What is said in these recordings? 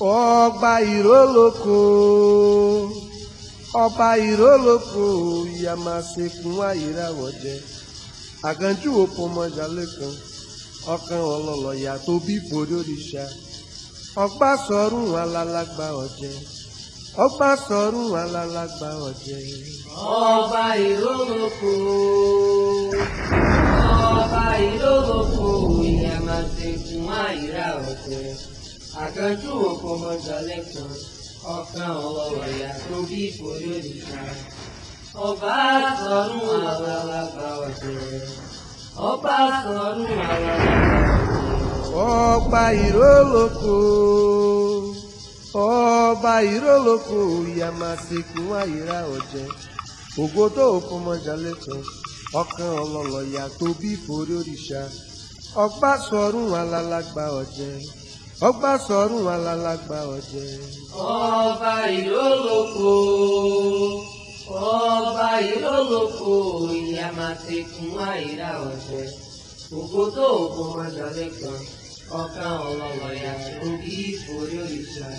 ọba iroloko ọba iroloko yamasekun ayírawọjẹ àkànjú òpómọjàlẹ kan ọkàn ọlọlọ yàtọ̀ bí bòdòrìṣà ọgbà sọrùn alalagba ọjẹ ọgbà sọrùn alalagba ọjẹ. ọba ìrólókò ọba ìrólókò ìyàmàṣẹ̀kùn ira ọ̀jẹ̀. Àjọjú òkò mọ́jọ lẹ́tọ̀, ọ̀kan ọ̀wọ̀ ìyá tó bí ìfòyó nìkan. Ọba sọ̀rùn àwọn alága ọ̀jẹ̀. Ọba sọ̀rùn àwọn alága ọ̀jẹ̀. Ọba ìrólókò. Ọba ìrólókò ìyá máa ṣe kí wọ́n àyíra ọ̀jẹ̀. Ògo òkun mọ́jọ lẹ́tọ̀, ọ̀kan ọlọ́lọ́ ìyá tó òrìṣà. Ọba sọ̀rùn alálàgbà ọ̀jẹ̀ ọgbà sọ̀rùn alálàgbà ọ̀jẹ̀. ọba ìlólókò ọba ìlólókò ìyá máa ti kún àìrá ọ̀jẹ̀ òkú tó òkú máa dọ̀lẹ́ kan ọ̀kan ọ̀lọ́lọ́ yàtọ̀ bí ìforí òrìṣà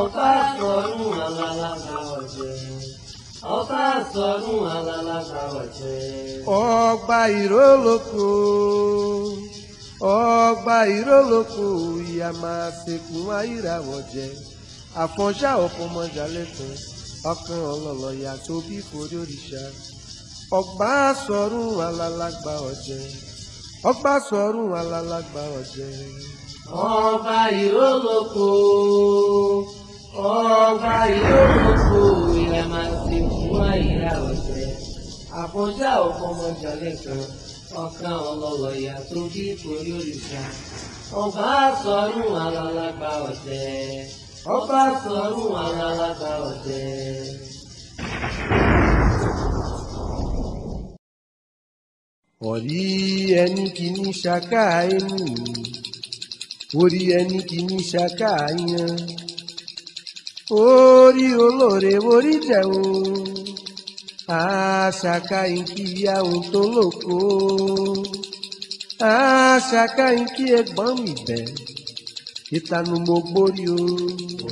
ọba sọ̀rùn alálàgbà ọ̀jẹ̀. Ọba sọ̀rùn alálàgbà ọ̀jẹ̀. Ọba ìrólókò ọgbà ìrólókò ìyá máa sekun ayírawọ̀ jẹ àfọ̀nṣá ọ̀fọ̀mọjà lẹ́kùn ọkàn ọlọ́lọ́yà tó bí forí òrìṣà ọgbà sọ̀rùn alálàgbà ọ̀jẹ̀ ọgbà sọ̀rùn alálàgbà ọ̀jẹ̀. ọba ìrólókò ọba ìrólókò ìyá máa sekun ayírawọ̀ jẹ àfọ̀nṣá ọ̀fọ̀mọjà ọ̀kan ọlọ́lọ́yà tó bí kórí òrìṣà ọba sọ̀rùn alálàgbà ọ̀tẹ̀ ọba sọ̀rùn alálàgbà ọ̀tẹ̀. orí ẹni kìíní ṣaká ẹni orí ẹni kìíní ṣaká yan orí olóore orí jẹun. Aṣàkà ìkí ìyàwó tó lòkó. Aṣàkà ìkí ẹ̀gbọ́n mi bẹ̀. Ìtanu mo gbórí o.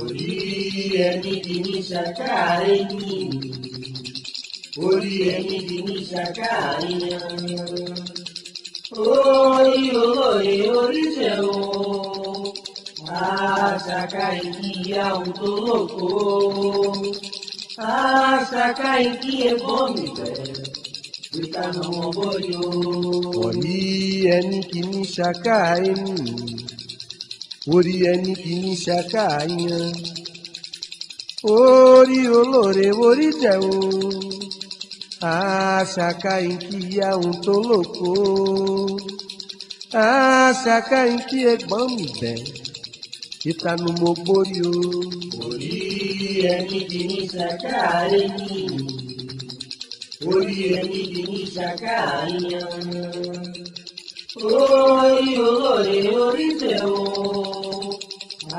Orí ẹni kì í ṣàkà ẹni. Orí ẹni kì í ṣàkà ẹni. Orí olóore oríṣẹ́ o. Aṣàkà ìkí ìyàwó tó lòkó. Sasa kaingie bombe ìtànà ọgbọ́n yòó. Wọ̀lí ẹni kìíní ṣaká ẹni, orí ẹni kìíní ṣaká yan. Orí olóore orí jẹun, àṣàkà ìkíyàwó tó lòkó. Àṣàkà ìkí ẹgbọ́n mi bẹ̀rẹ̀ ìtanu mo gbórí o. orí ẹni di ní sàkáàrí ni orí ẹni di ní sàkáàrí yan. orí olóore orí tẹ o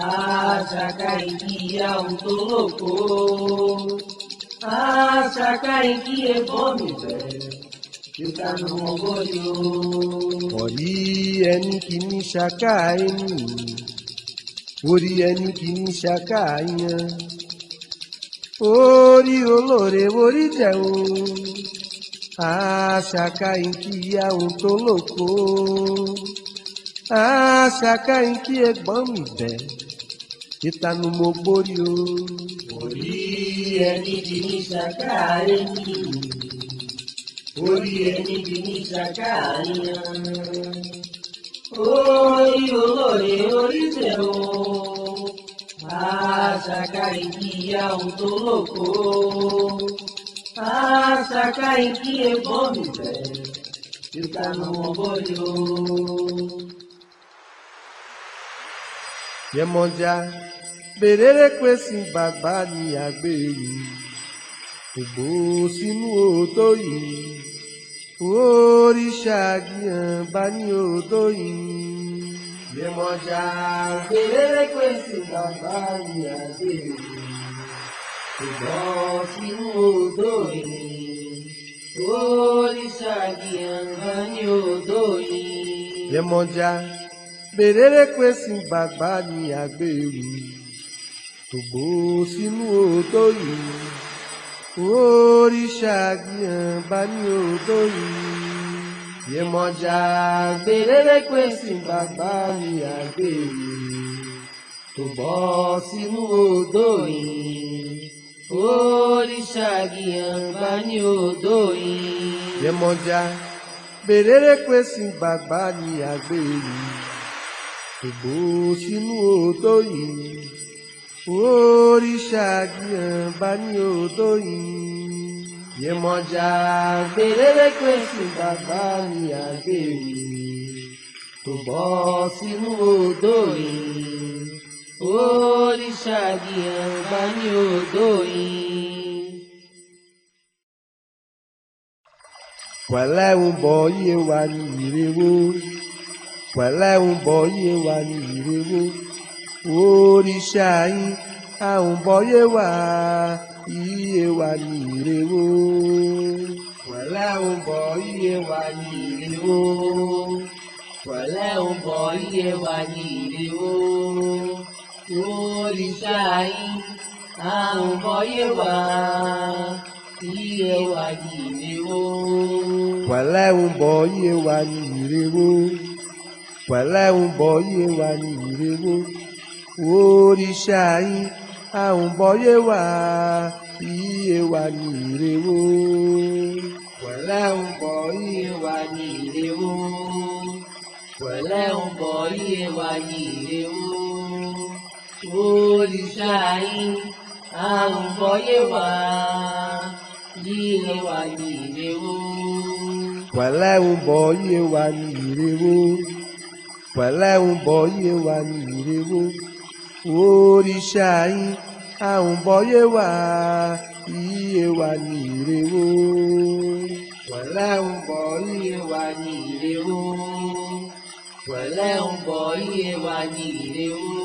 àṣàkà ìdíyà òtòlókò àṣàkà ìdíyẹ bọ́ọ̀mù bẹ̀rẹ̀. Ìtanu mo gbórí o. Orí ẹni kì í ní ṣàkáàrí ni orí ẹni kì í ṣaká yan orí olóore orí jẹun àṣàkà ìkí àwọn tó lòkó àṣàkà ìkí ẹ̀gbọ́n mi bẹ ìtanu mo gbórí o. orí ẹni kì í ṣaká ẹni orí ẹni kì í ṣaká yan orí olóore orí tẹ̀ o àṣàkà ìkìyà òtó lòkó àṣàkà ìkí ẹ̀gbọ́n mi bẹ̀ ìtànà ọ̀bọ̀yọ̀. yẹmọja bèrèrè pé sí bàbá ni àgbèrè ògbó sínú òótọ́ yìí òrìṣà gíhan bá ní odò yìí. Yèmọ̀já gbèrèrè pèsè bàbá mi àgbèrè. Ìgbọ́n sínú odò yìí. Òrìṣà gíhan bá ní odò yìí. Yèmọ̀já gbèrèrè pèsè bàbá mi àgbèrè. Tògbó sínú odò yìí oríṣà gbìyàn bá ní òótọ́ yìí yèmọ̀jà gbèrèrèpè sí bàbá mi àgbèrè tó bọ́ sínú odò yìí oríṣà gbìyàn bá ní odò yìí. yèmọ̀jà gbèrèrèpè sí bàbá mi àgbèrè tó bọ́ sínú odò yìí oríṣà gbìyàn bá ní odò yìí. Yèmọ̀jà gbèrèrèkè sí bàbá mi àgbèrè tó bọ́ sínú odò yìí. Oríṣà gbìyàn bá ní odò yìí. pẹ̀lẹ́ ń bọ̀ yíyẹ wa ní ìrèwó pẹ̀lẹ́ ń bọ̀ yíyẹ wa ní ìrèwó òrìṣà yín àwùbọ̀yé wà iye wà ní ìrèwò. pẹ̀lẹ́ ò bọ̀ iye wà ní ìrèwò. pẹ̀lẹ́ ò bọ̀ iye wà ní ìrèwò. òrìṣà yín àwùbọ̀yé wà iye wà ní ìrèwò. pẹ̀lẹ́ ò bọ̀ iye wà ní ìrèwò. pẹ̀lẹ́ ò bọ̀ iye wà ní ìrèwò òrìṣà yín àwùbọ̀yé wà iye wà ní ìrèwò. wẹ̀lẹ́ ń bọ̀ iye wà ní ìrèwò. wẹ̀lẹ́ ń bọ̀ iye wà ní ìrèwò. òrìṣà yín àwùbọ̀yé wà iye wà ní ìrèwò. wẹ̀lẹ́ ń bọ̀ iye wà ní ìrèwò. wẹ̀lẹ́ ń bọ̀ iye wà ní ìrèwò òrìṣà yín àwùbọ̀yé wà iye wà ní ìrèwò. wọ̀lẹ́ ń bọ̀ iye wà ní ìrèwò. wọ̀lẹ́ ń bọ̀ iye wà ní ìrèwò.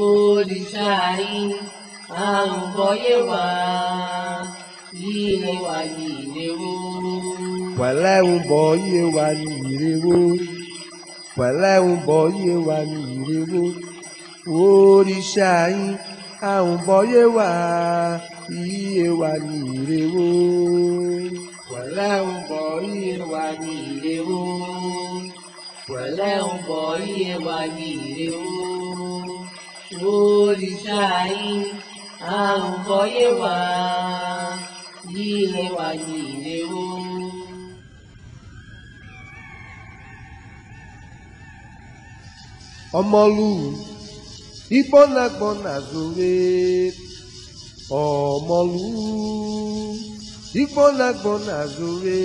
òrìṣà yín àwùbọ̀yé wà iye wà ní ìrèwò. wọ̀lẹ́ ń bọ̀ iye wà ní ìrèwò. wọ̀lẹ́ ń bọ̀ iye wà ní ìrèwò òrìṣà yín àwùbọ̀yé wà iye wà ní ìrèwò. wẹ̀lẹ́ ń bọ̀ iye wà ní ìrèwò. wẹ̀lẹ́ ń bọ̀ iye wà ní ìrèwò. òrìṣà yín àwùbọ̀yé wà iye wà ní ìrèwò. ọmọlúù. igbónagbónazòwe ọmọlú igbónagbónazòwe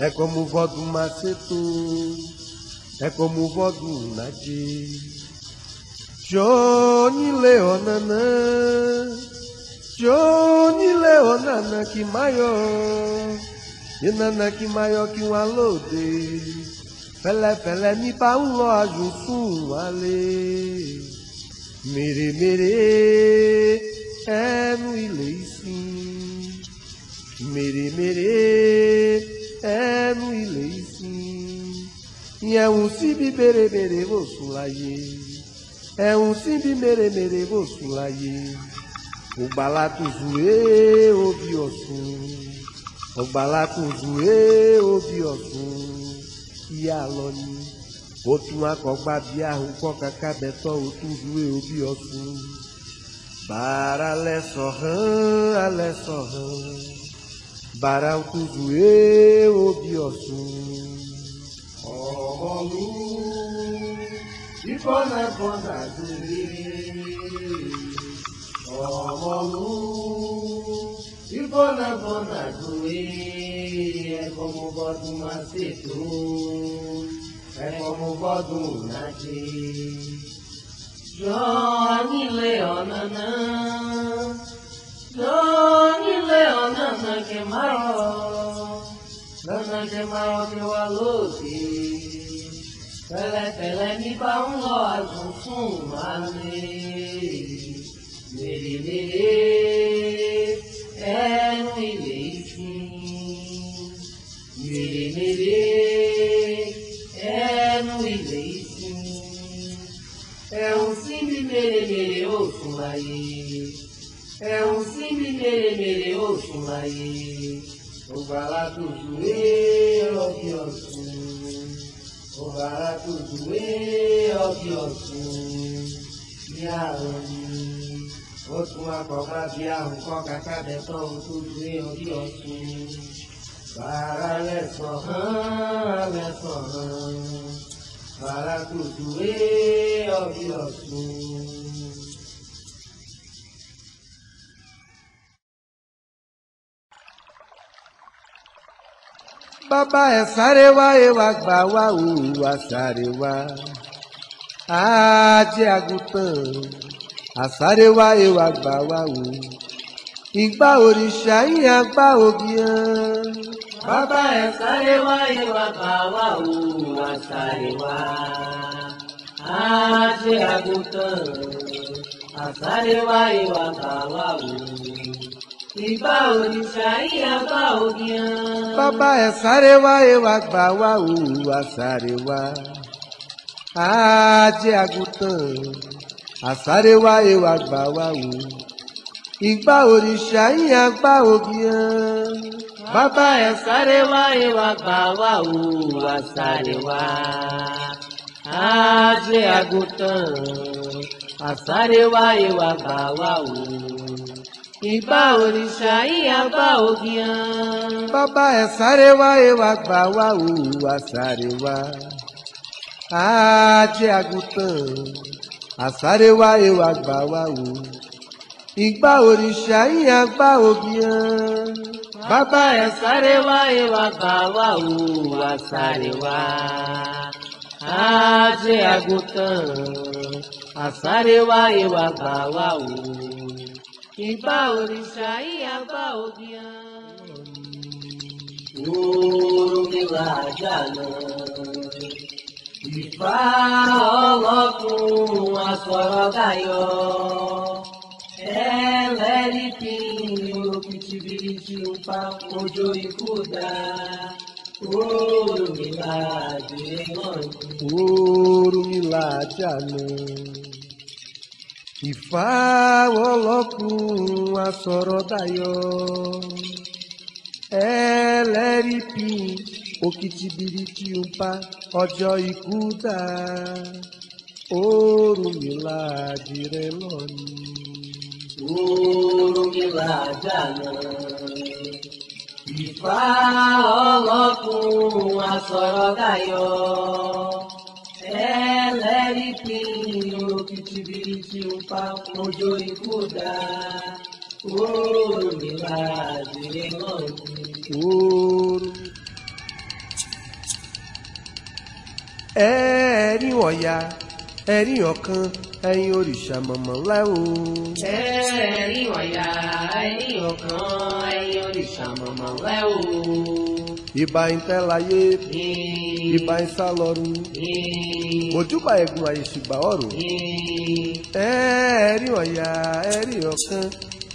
é como o vó do maceto é como o vó do Nadir Johnny Leonanã Johnny Leonanã que maior e Nanã que maior que um alode Pelé, Pelé, me pá um lojo, um alê. Mere mere ẹnu ilé ìsìn. Mere mere ẹnu ilé ìsìn. Yẹ̀wù síbi mere mere bò sùn láyé. Ẹ̀wù síbi mere mere bò sùn láyé. Ògbàlà tó zù é obì ọ̀sùn. Ògbàlà tó zù é obì ọ̀sùn. Ìyá lọ ni otu akọgba bịa ụkọ kaka betọ otu rue obi ọtụ bara lesọ ha alesọ ha bara otu rue obi ọtụ ọmọlú ifọnabọna dúró ọmọlú ifọnabọna dúró ẹkọmọbọdún máa ṣètò. é como o Goduna diz. Doni Leonanã, Doni Leonanã que é maró, Nanã que é maró meu alude, Pelé, Pelé me dá um logo, fumane, Lele, lele, é no ileitim, Lele, lele, láyé ẹ̀hún sí mi mèremère ó sùn láyé ọba aládùúgbò wéé ọbí ọ̀sùn ọba aládùúgbò wéé ọbí ọ̀sùn ní àrùn yìí ó tún akọ̀gbá bí àrùn kọ́ kàkà bẹ̀ tọ́ ohun tó ju wéé ọbí ọ̀sùn bàrà lẹ́sọ̀ hàn lẹ́sọ̀ hàn bàrà tó ju wéé ọbí ọ̀sùn. bàbá ẹ sáré wá ẹ wá gbà wá òun wá sáré wá ajé àgùntàn àsáré wá ẹ wá gbà wá òun ìgbà òrìṣà yìí àgbà òbí hàn. bàbá ẹ sáré wá ẹ wá gbà wá òun sáré wá ajé àgùntàn àsáré wá ẹ wá gbà wá òun ìbá òrìṣà ìyá bá òyìn. bàbá ẹ̀ sáré wá ewa gbà wá òwúwa sáré wá ajé àgùntàn àsáré wá ewa gbà wá wò ìgbà òrìṣà ìyá gbà ògìyàn. bàbá ẹ̀ sáré wá ewa gbà wá òwúwa sáré wá ajé àgùntàn àsáré wá ewa gbà wá wò ìbá òrìṣà ìyá bá ògìyàn. bàbá ẹ̀ sáré wá ewa gbà wá òwúwa sáré wá ajé àgùntàn àsáré wá ewa gbà wá o ìgbà òrìṣà ìyá gbà ògìyàn. bàbá ẹ̀ sáré wá ewa gbà wá òwúwa sáré wá ajé àgùntàn àsáré wá ewa gbà wá o ìbá òrìṣà ìyá bá òbíà. Oòrùn mi wà ájà lọ. Ìfá ọlọ́kùn asọ̀rọ̀ dayọ̀. Ẹlẹ́rìí fi ìlú pìtìbìtì ń pa ojú ikú dá. Oòrùn mi là ájà lọ. Oòrùn mi là ájà lọ ìfà ọlọ́kùn asọ̀rọ̀ dayọ̀ ẹlẹ́rìí pi òkìtìbìrì tí ń pa ọjọ́ ikú ta oorun mi láàdì rẹ lọ́nìí. oorun mi láàdà lọ. ìfà ọlọ́kùn asọ̀rọ̀ dayọ̀ ẹlẹ́rìí kiri òkìtìbìrìtì òpa ojú ikú dá ooo nígbà àdìrẹ náà ni. ẹ̀ẹ́rín ọ̀yà ẹ̀rín ọ̀kan ẹ̀yin òrìṣà mọ̀mọ́ ńlá o. ẹ̀ẹ́rín ọ̀yà ẹ̀rín ọ̀kan ẹ̀yin òrìṣà mọ̀mọ́ ńlá Iba ìbà ìtẹ́láyé ìbà ìsálọ́run òjúbà ẹ̀gùn àyèṣùgbà ọ̀rọ̀ ẹ̀ẹ́rì ọ̀yà ẹ̀ẹ́rì ọ̀kan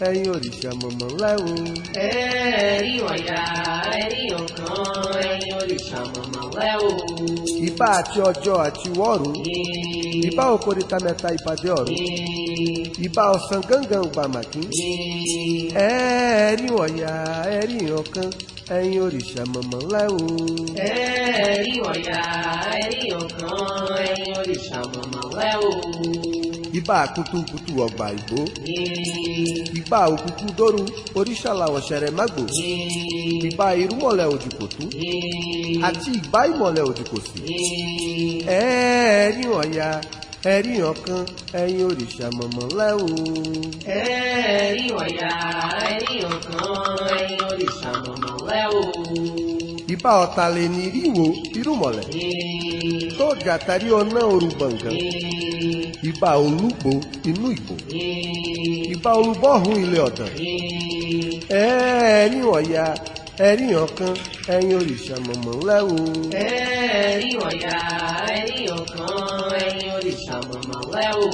ẹ̀yin òrìṣà mọ̀mọ́ ńlá o. ẹ̀ẹ́rì ọ̀yà ẹ̀ẹ́rì ọ̀kan ẹ̀yin òrìṣà mọ̀mọ́ ńlá o. ìbà àti ọjọ́ àti wọ́ọ̀rùn ìbà òkòrìta mẹ́ta ìpàdé ọ̀run Iba ọ̀sán gángan gbàmàkín ẹ̀ẹ́rì ọ̀yà ẹ̀ẹ́rì ọ̀kan ẹ̀yin òrìṣà mọ̀mọ́ ńlẹ́ o. ẹ̀ẹ́rì ọ̀yà ẹ̀rí ọ̀kan ẹ̀yin òrìṣà mọ̀mọ́ ńlẹ́ o. Ibà kutukutu ọgbà ìgbó. Ibà òkùnkùn dóru oríṣà làwọn ṣẹrẹ mágbò. Ibà irúmọ̀lẹ̀ òdìkòtú. Àti ìbá ìmọ̀lẹ̀ òdìkòsí. Ẹ̀ẹ́rì ọ̀yà ẹ̀rí ọ̀kan ẹ̀yin òrìṣà mọ̀mọ́ lẹ́wọ̀n. ẹ̀rí ọ̀yà ẹ̀rí ọ̀kan ẹ̀yin òrìṣà mọ̀mọ́ lẹ́wọ̀n. ìbá ọ̀tà lè ní ìwò irúmọ̀lẹ̀. tó gàtàrí ọ̀nà òru gbọ̀ngàn. ìbá olúgbò inú ìgbò. ìbá olúbọ̀hún ilé ọ̀dàn. ẹ̀rí ọ̀yà ẹ̀rí ọ̀kan ẹ̀yin òrìṣà mọ̀mọ́ ńlá o. ẹ̀rí ọ̀yà ẹ̀rí ọ̀kan ẹ̀yin òrìṣà mọ̀mọ́ ńlá o.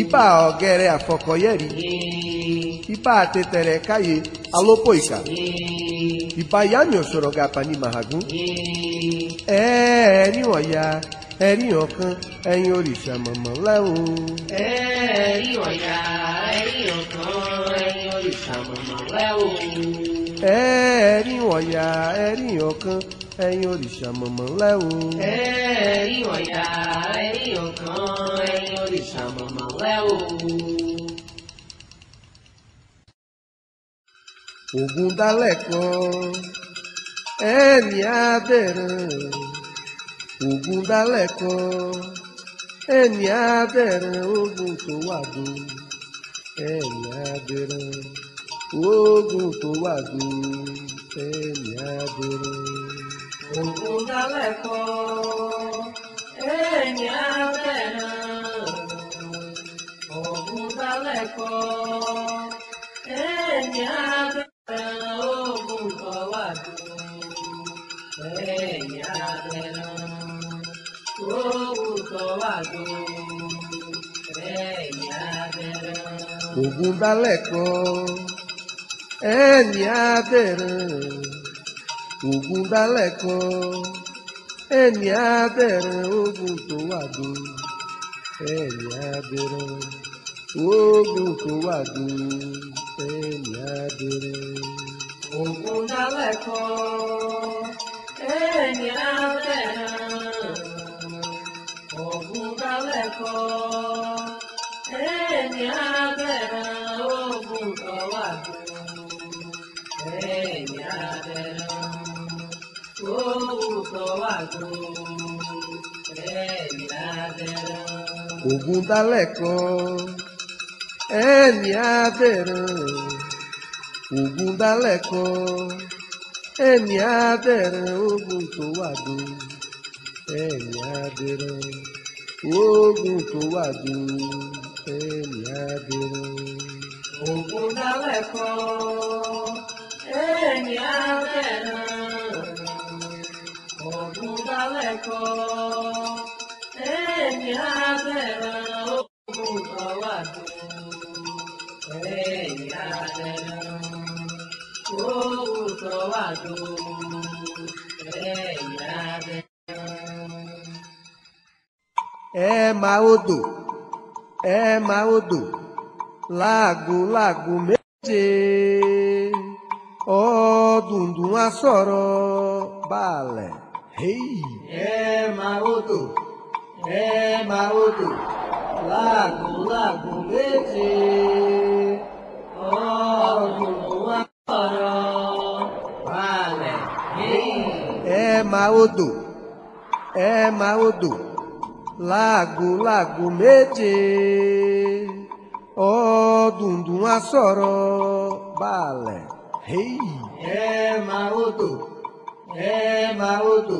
ipa ọ̀gẹ̀rẹ̀ àfọkọ̀yẹ̀rí. ipa àtẹtẹrẹ káyé alópò ìkà. ipa yámi òṣòro gàpà ní màhágún. ẹ̀rí ọ̀yà ẹ̀rí ọ̀kan ẹ̀yin òrìṣà mọ̀mọ́ ńlá o. ẹ̀rí ọ̀yà ẹ̀rí ọ̀kan ẹ̀yin òrìṣà mọ̀mọ́ ńlá o ẹ̀ẹ́rì wọ̀nyà ẹ̀rí ọ̀kan ẹ̀yin òrìṣà mọ̀mọ́ ńlá o. ẹ̀ẹ́rì wọ̀nyà ẹ̀rí ọ̀kan ẹ̀yin òrìṣà mọ̀mọ́ ńlá o. ògùn dálẹ̀ kan ẹ̀rí abẹ́rẹ́ ògùn dálẹ̀ kan ẹ̀rí abẹ́rẹ́ ògùn tó wà dùn ẹ̀rí abẹ́rẹ́ oògùn tó wà gbòòrò ẹ̀mí àbẹ̀rẹ̀. oògùn dálẹ̀ kọ́ ẹ̀mí àbẹ̀rẹ̀. oògùn dálẹ̀ kọ́ ẹ̀mí àbẹ̀rẹ̀. oògùn tó wà gbòòrò ẹ̀mí àbẹ̀rẹ̀. oògùn tó wà gbòòrò ẹ̀mí àbẹ̀rẹ̀. oògùn ẹni abẹ́rẹ́ ogun dálẹ̀ kan ẹni abẹ́rẹ́ ogun tó wà dó ẹni abẹ́rẹ́ ogun tó wà dó ẹni abẹ́rẹ́. ogun dálẹ̀ kan ẹni abẹ́rẹ́ ogun dálẹ̀ kan ẹni abẹ lọ ó kọ àgbo ẹ̀yìn abẹ lọ. ògùn dalẹ̀ kan ẹ̀yìn abẹ́rẹ́ ògùn dalẹ̀ kan ẹ̀yìn abẹ́rẹ́ ògùn tó wà dé ẹ̀yìn abẹ́rẹ́ ògùn tó wà dé ẹ̀yìn abẹ́rẹ́. ògùn dalẹ̀ kan. Eni aukera, odu daleko. Eni aukera, odu bawatu. Eni aukera, odu bawatu. Eni aukera. É maodo, é maodo, lago, lago, meu kọ́ dùndùn á sọ̀rọ̀ balẹ̀. ẹ máa odò ẹ máa odò láàgùn láàgùn létí kọ́ dùndùn á sọ̀rọ̀ balẹ̀. ẹ máa odò ẹ máa odò láàgùn láàgùn méje ọ dùndùn á sọ̀rọ̀ Hey! Ẹ máa odò, ẹ máa odò,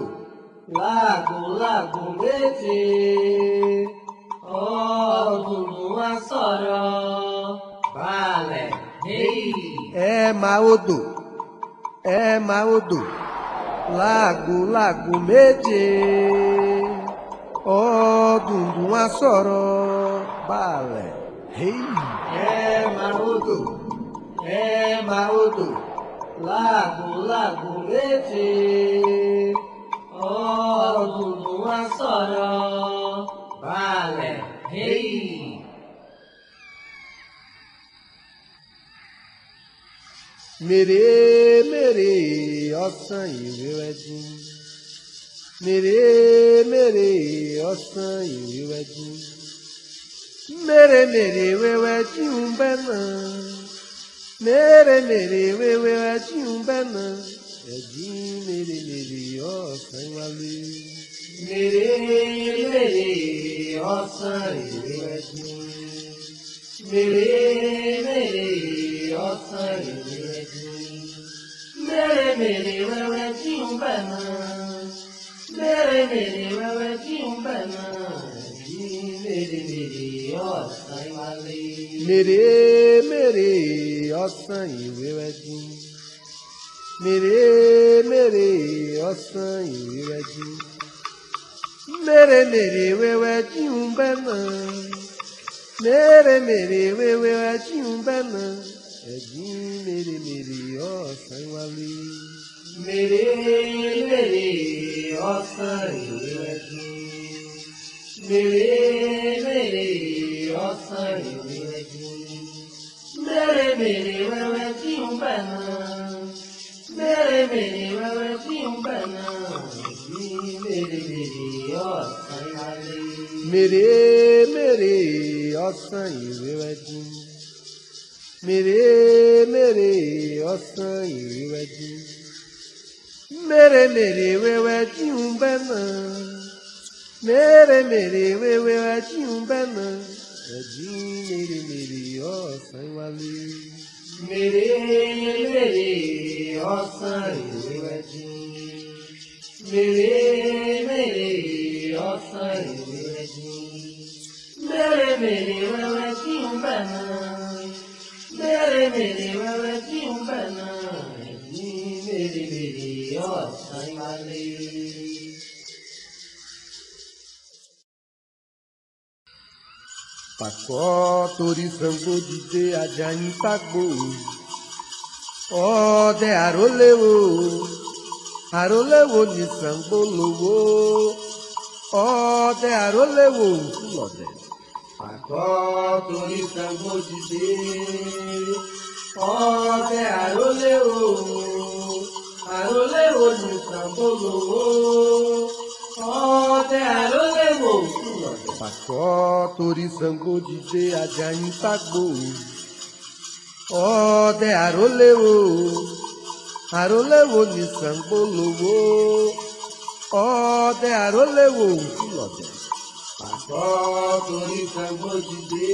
láàgùn láàgùn létí. Ọ̀dùnnú wá sọ̀rọ̀ balẹ̀. Hey! Ẹ máa odò, ẹ máa odò, láàgùn láàgùn méje. Ọ̀dùnnú wá sọ̀rọ̀ balẹ̀. Hey! Ẹ máa odò ẹ máa odò láàgbò láàgbò létè ọ̀dùnnú wá sọ̀rọ̀ balẹ̀ hey. mèrè mèrè ọ̀sán ìrẹ́wẹ́dú mèrè mèrè ọ̀sán ìrẹ́wẹ́dú mèrè mèrè wẹ́wẹ́ tí ń bẹ́ náà mere mere wewe ajimbana ẹjí mere mere ọsàn wálé. mere mere ọsàn ìwé ẹjí. mere mere ọsàn ìwé ẹjí. mere mere wewe ajimbana. mere mere wewe ajimbana. ẹjí mere mere ọsàn wálé. mere mere ọ̀sán ìwé rẹ́jú mèrè mèrè ọ̀sán ìwé rẹ́jú mèrè mèrè wẹ́wẹ́ tí ń bẹ́ náà mèrè mèrè wẹ́wẹ́ tí ń bẹ́ náà ẹ̀gbìn mèrè mèrè ọ̀sán wálé mèrè mèrè ọ̀sán ìwé rẹ́jú mèrè mèrè ọ̀sán ìwé rẹ́jú bèrè mere wẹ́wẹ́ tí ń bà náà bèrè bèrè wẹ́wẹ́ tí ń bà náà ní mere bèrè ọ̀sán ìwálé. mèrè mèrè ọ̀sán ìrẹ́wẹ́jú mèrè mèrè tí ń bẹ náà mèrè mèrè wẹ́wẹ́ tí ń bẹ náà ẹ̀jín mèrè mèrè ọ̀sán wálé. mèrè mèrè ọ̀sán ìwé ẹ̀jín. mèrè mèrè ọ̀sán ìwé ẹ̀jín. mèrè mèrè wẹ́wẹ́ kí n mèrè mèrè. pàṣọ torí Ṣàngó dìde Àjàyí ságbó ọdẹ àrólẹ́wò àrólẹ́wò ní Ṣàngó lówó ọdẹ àrólẹ́wò òkú lọ́dẹ. pàṣọ torí Ṣàngó dìde ọdẹ àrólẹ́wò àrólẹ́wò ní Ṣàngó lówó pàṣọ torí Ṣàngó dìde Àjàyí ságbó ọdẹ àrólẹ́wò àrólẹ́wò ní Ṣàngó lówó ọdẹ àrólẹ́wò lọ́dẹ pàṣọ torí Ṣàngó dìde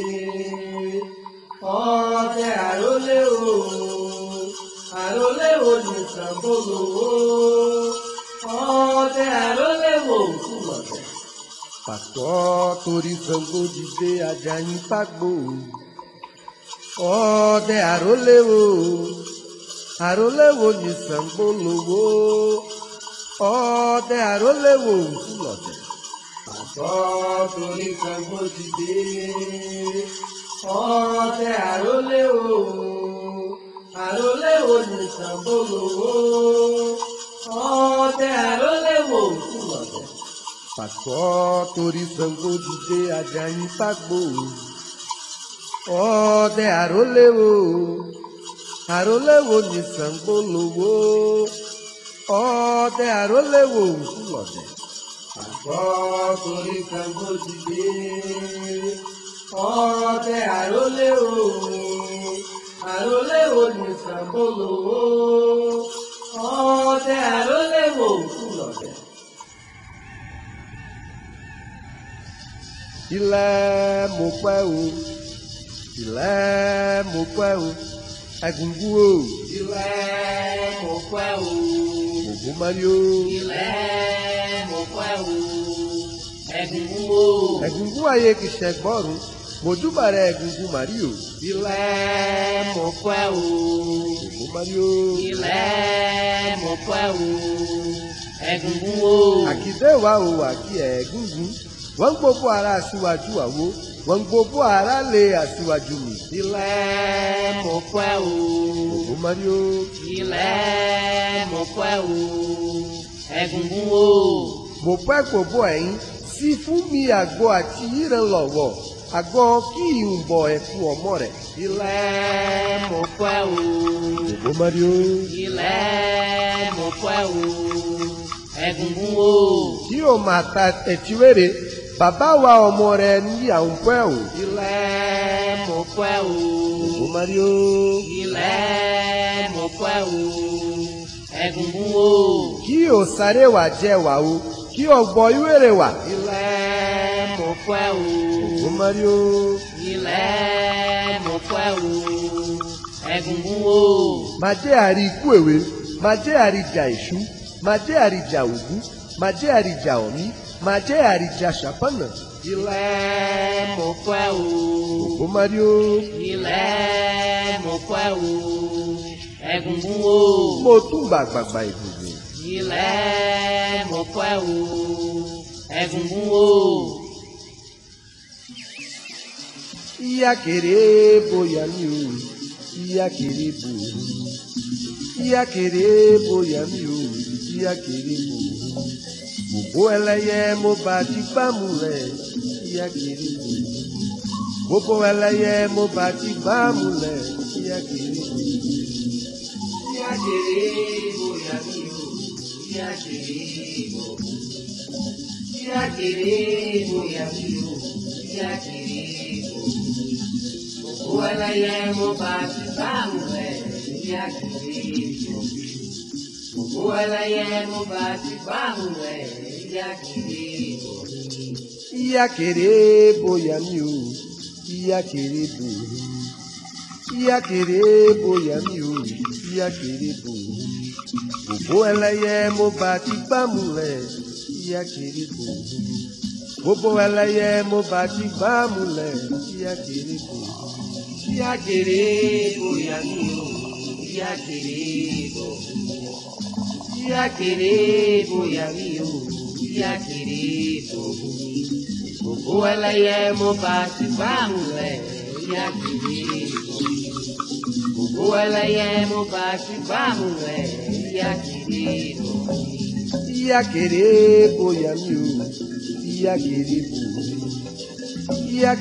ọdẹ àrólẹ́wò àrólẹ́wò ní Ṣàngó lówó. Ọdẹ àró lè wò òkú ọ̀dẹ. Pàtó torí Ṣàngó dìde Àjàyí pàgbò. Ọdẹ àró lè wò àró lè wò ní Ṣàngó lówó. Ọdẹ àró lè wò òkú ọ̀dẹ. Pàtó torí Ṣàngó dìde. Ọdẹ àró lè wò àró lówó ọ̀tẹ̀ ló lè wò fún ọ̀tẹ̀. pàṣọ torí Ṣàngó dìde Àjàyí ságbó ọdẹ àrólẹ́wò àrólẹ́wò ní Ṣàngó lówó ọdẹ àrólẹ́wò òkú torí Ṣàngó dìde ọdẹ àrólẹ́wò àrólẹ́wò ní Ṣàngó lówó ọdẹ ló lè wò òkú lọ́dẹ. ilẹ̀ mo pẹ́ o ilẹ̀ mo pẹ́ o ẹ̀gúngún o. ilẹ̀ mo pẹ́ o. ògùn mario. ilẹ̀ mo pẹ́ o. ẹ̀gúngún o. ẹ̀gúngún ayé kìí ṣẹ̀gbọ́rún mojúbà rẹ gungun mario. ilẹ̀ mo fẹ́ o. gungun mario. ilẹ̀ mo fẹ́ o. ẹ̀gungun o. àkìdé wa o àkì ẹ̀gungun wọ́n ń gbogbo ara síwájú àwo wọ́n ń gbogbo ara lé àṣìwájú mi. ilẹ̀ mo fẹ́ o. gungun mario. ilẹ̀ mo fẹ́ o. ẹ̀gungun o. mo fẹ́ gbogbo ẹ̀yin sí fún mi àgbo àti yíran lọ́wọ́ àgọ́ kí ìhùnbọ̀ ẹ̀kú ọmọ rẹ̀. ilẹ̀ mo fẹ́ o. ògbó mario. ilẹ̀ mo fẹ́ o. ẹ̀gúngún o. tí o máa ta ẹ̀tíwèrè bàbá wa ọmọ rẹ̀ ní àwọn fẹ́ o. ilẹ̀ mo fẹ́ o. ògbó mario. ilẹ̀ mo fẹ́ o. ẹ̀gúngún o. kí o sáré wà jẹ́ wà o kí o gbọ́ ìwéré wà. ilẹ̀ mo fẹ́ o. Ògo Mari o. Ilẹ̀ mo fẹ́ o. Ẹ̀gúngún o. Má jẹ́ àrí ikú èwe, má jẹ́ àríjà èṣú, má jẹ́ àríjà ògún, má jẹ́ àríjà ọ̀mí, má jẹ́ àríjà ṣàpọ̀nà. Ilẹ̀ mo fẹ́ o. Ògo Mari o. Ilẹ̀ mo fẹ́ o. Ẹ̀gúngún o. Mo tún gbàgbàgbà ìdùnnú. Ilẹ̀ mo fẹ́ o. Ẹ̀gúngún o. Ia ia querer Iaquerebo, Iaquerebo, Iamiú, Iaquerebo. Gbogbo ẹlẹ́yẹ é mo mulher, ia querer Iaquerebo. Gbogbo ia mo bá ti gbámúlẹ̀, Iaquerebo. Iaquerebo, ia Iaquerebo. Iaquerebo, ia querer wala yemo batisangu yakiricho wala Ia querer, yakiricho yakirebo yamiu yakirebo yakirebo yamiu yakirebo gbogbo ẹlẹyẹ mo bá ti gbámú rẹ yakirebo gbogbo ẹlẹyẹ mo bá ti gbámú rẹ yakirebo. Iaquerebo, Ianinho, Iaquerebo. Iaquerebo, Ianinho, Iaquerebo. boa ela é parte pa mulher, Iaquerebo. boa ela é parte pa mulher, Iaquerebo. Iaquerebo, Ianinho,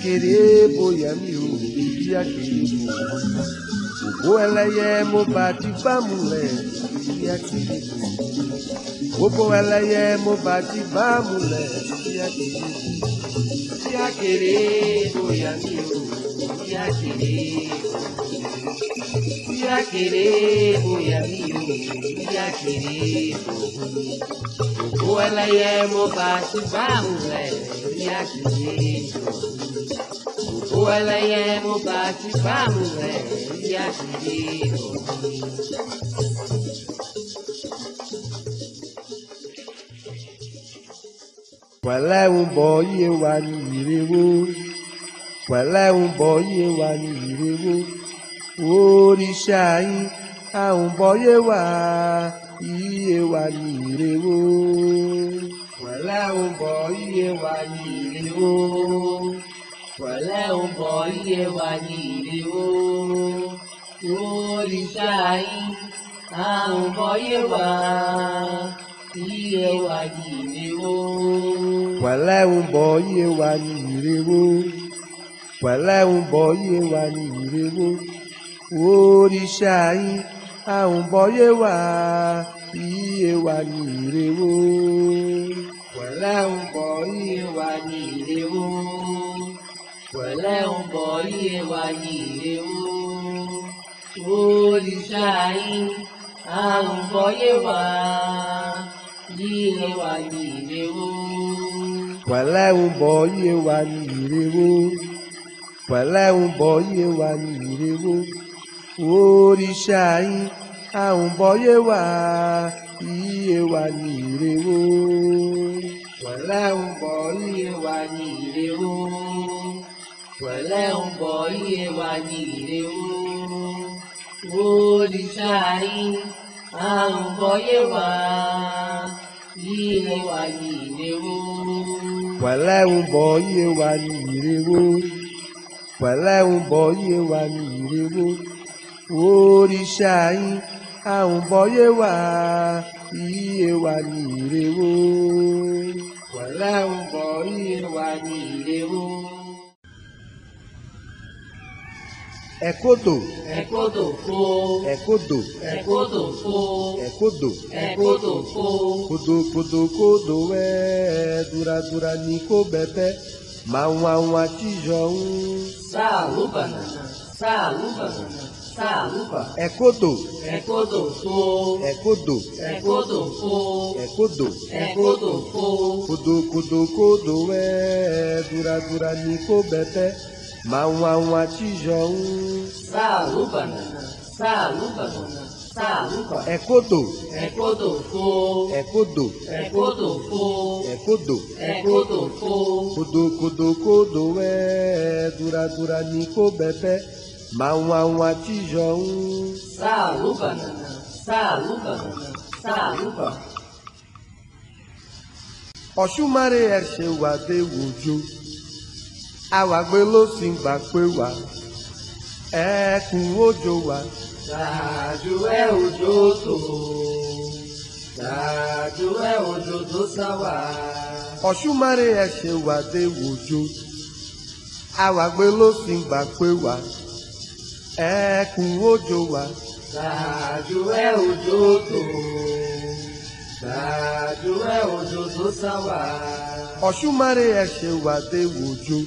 querer boi Ianinho. kíákiri mo òbó ẹlẹ́yẹ mo bá ti bá múlẹ̀ kíákiri mo òbó ẹlẹ́yẹ mo bá ti bá múlẹ̀ kíákiri mo kíákiri bóyá mi ò kíákiri kíákiri bóyá mi ò kíákiri òbó ẹlẹ́yẹ mo bá ti bá múlẹ̀ kíákiri mo ẹlẹ́yẹ mo bá ti fáàmù rẹ̀ rí àṣìṣe òní. pẹ̀lẹ́ ń bọ̀ yé wa ní ìrèwó pẹ̀lẹ́ ń bọ̀ yé wa ní ìrèwó oríṣà yín à ń bọ̀ yé wa iye wa ní ìrèwó pẹ̀lẹ́ ń bọ̀ yé wa ní ìrèwó pẹ̀lẹ́ ò bọ̀ iye wà ní ìlú o òrìṣà yín àrùn bọ̀ iye wà iye wà ní ìlú o. pẹ̀lẹ́ ò bọ̀ iye wà ní ìlú o pẹ̀lẹ́ ò bọ̀ iye wà ní ìlú o òrìṣà yín àrùn bọ̀ iye wà iye wà ní ìlú o. pẹ̀lẹ́ ò bọ̀ iye wà ní ìlú o pẹ̀lẹ́ ń bọ̀ rí ewa yìí o òrìṣà yìí a ò bọ̀ yé wa rí ewa yìí o. pẹ̀lẹ́ ń bọ̀ rí ewa yìí o pẹ̀lẹ́ ń bọ̀ rí ewa yìí o òrìṣà yìí a ò bọ̀ yé wa iye wa ní ire wo. pẹ̀lẹ́ ń bọ̀ iye wa ní ire wo pẹ̀lẹ́ ń bọ̀ iye wa ní ìrè o òrìṣà yìí a ń bọ̀ iye wa iye wa ní ìrè o. pẹ̀lẹ́ ń bọ̀ iye wa ní ìrè o pẹ̀lẹ́ ń bọ̀ iye wa ní ìrè o òrìṣà yìí a ń bọ̀ iye wa iye wa ní ìrè o. pẹ̀lẹ́ ń bọ̀ iye wa ní ìrè o. É Ekodo. É Ekodo. É Ekodo. É Kudu É kudu é é, dura dura niko bebe. Mauá tijão. Salubana. saluba, saluba. É codo. É codo. É codo. É codo. É codo. É codo. Codo, codo, codo é dura, dura, nico, bebê. Mauauá Tijoão. Salúbana, Salúbana, Saluca. É Codô. É Codofô. É Codô. É Codofô. É Codô. É Codofô. Codô, Codô, Codô é dura, dura, nico, bebé. Mauauá Tijoão. Salúbana, Salúbana, Saluca. Oxumaré é seu adeus, àwàgbé ló sì ń gbà pé wà ẹkùn òjò wà. ṣáájú ẹ òjò tó ṣáájú ẹ òjò tó sá wà. ọ̀ṣunmáre ẹ ṣe wà dé wòjò àwàgbé ló sì ń gbà pé wà ẹkùn òjò wà. ṣáájú ẹ òjò tó ṣáájú ẹ òjò tó sá wà. ọ̀ṣunmáre wà dé wòjò.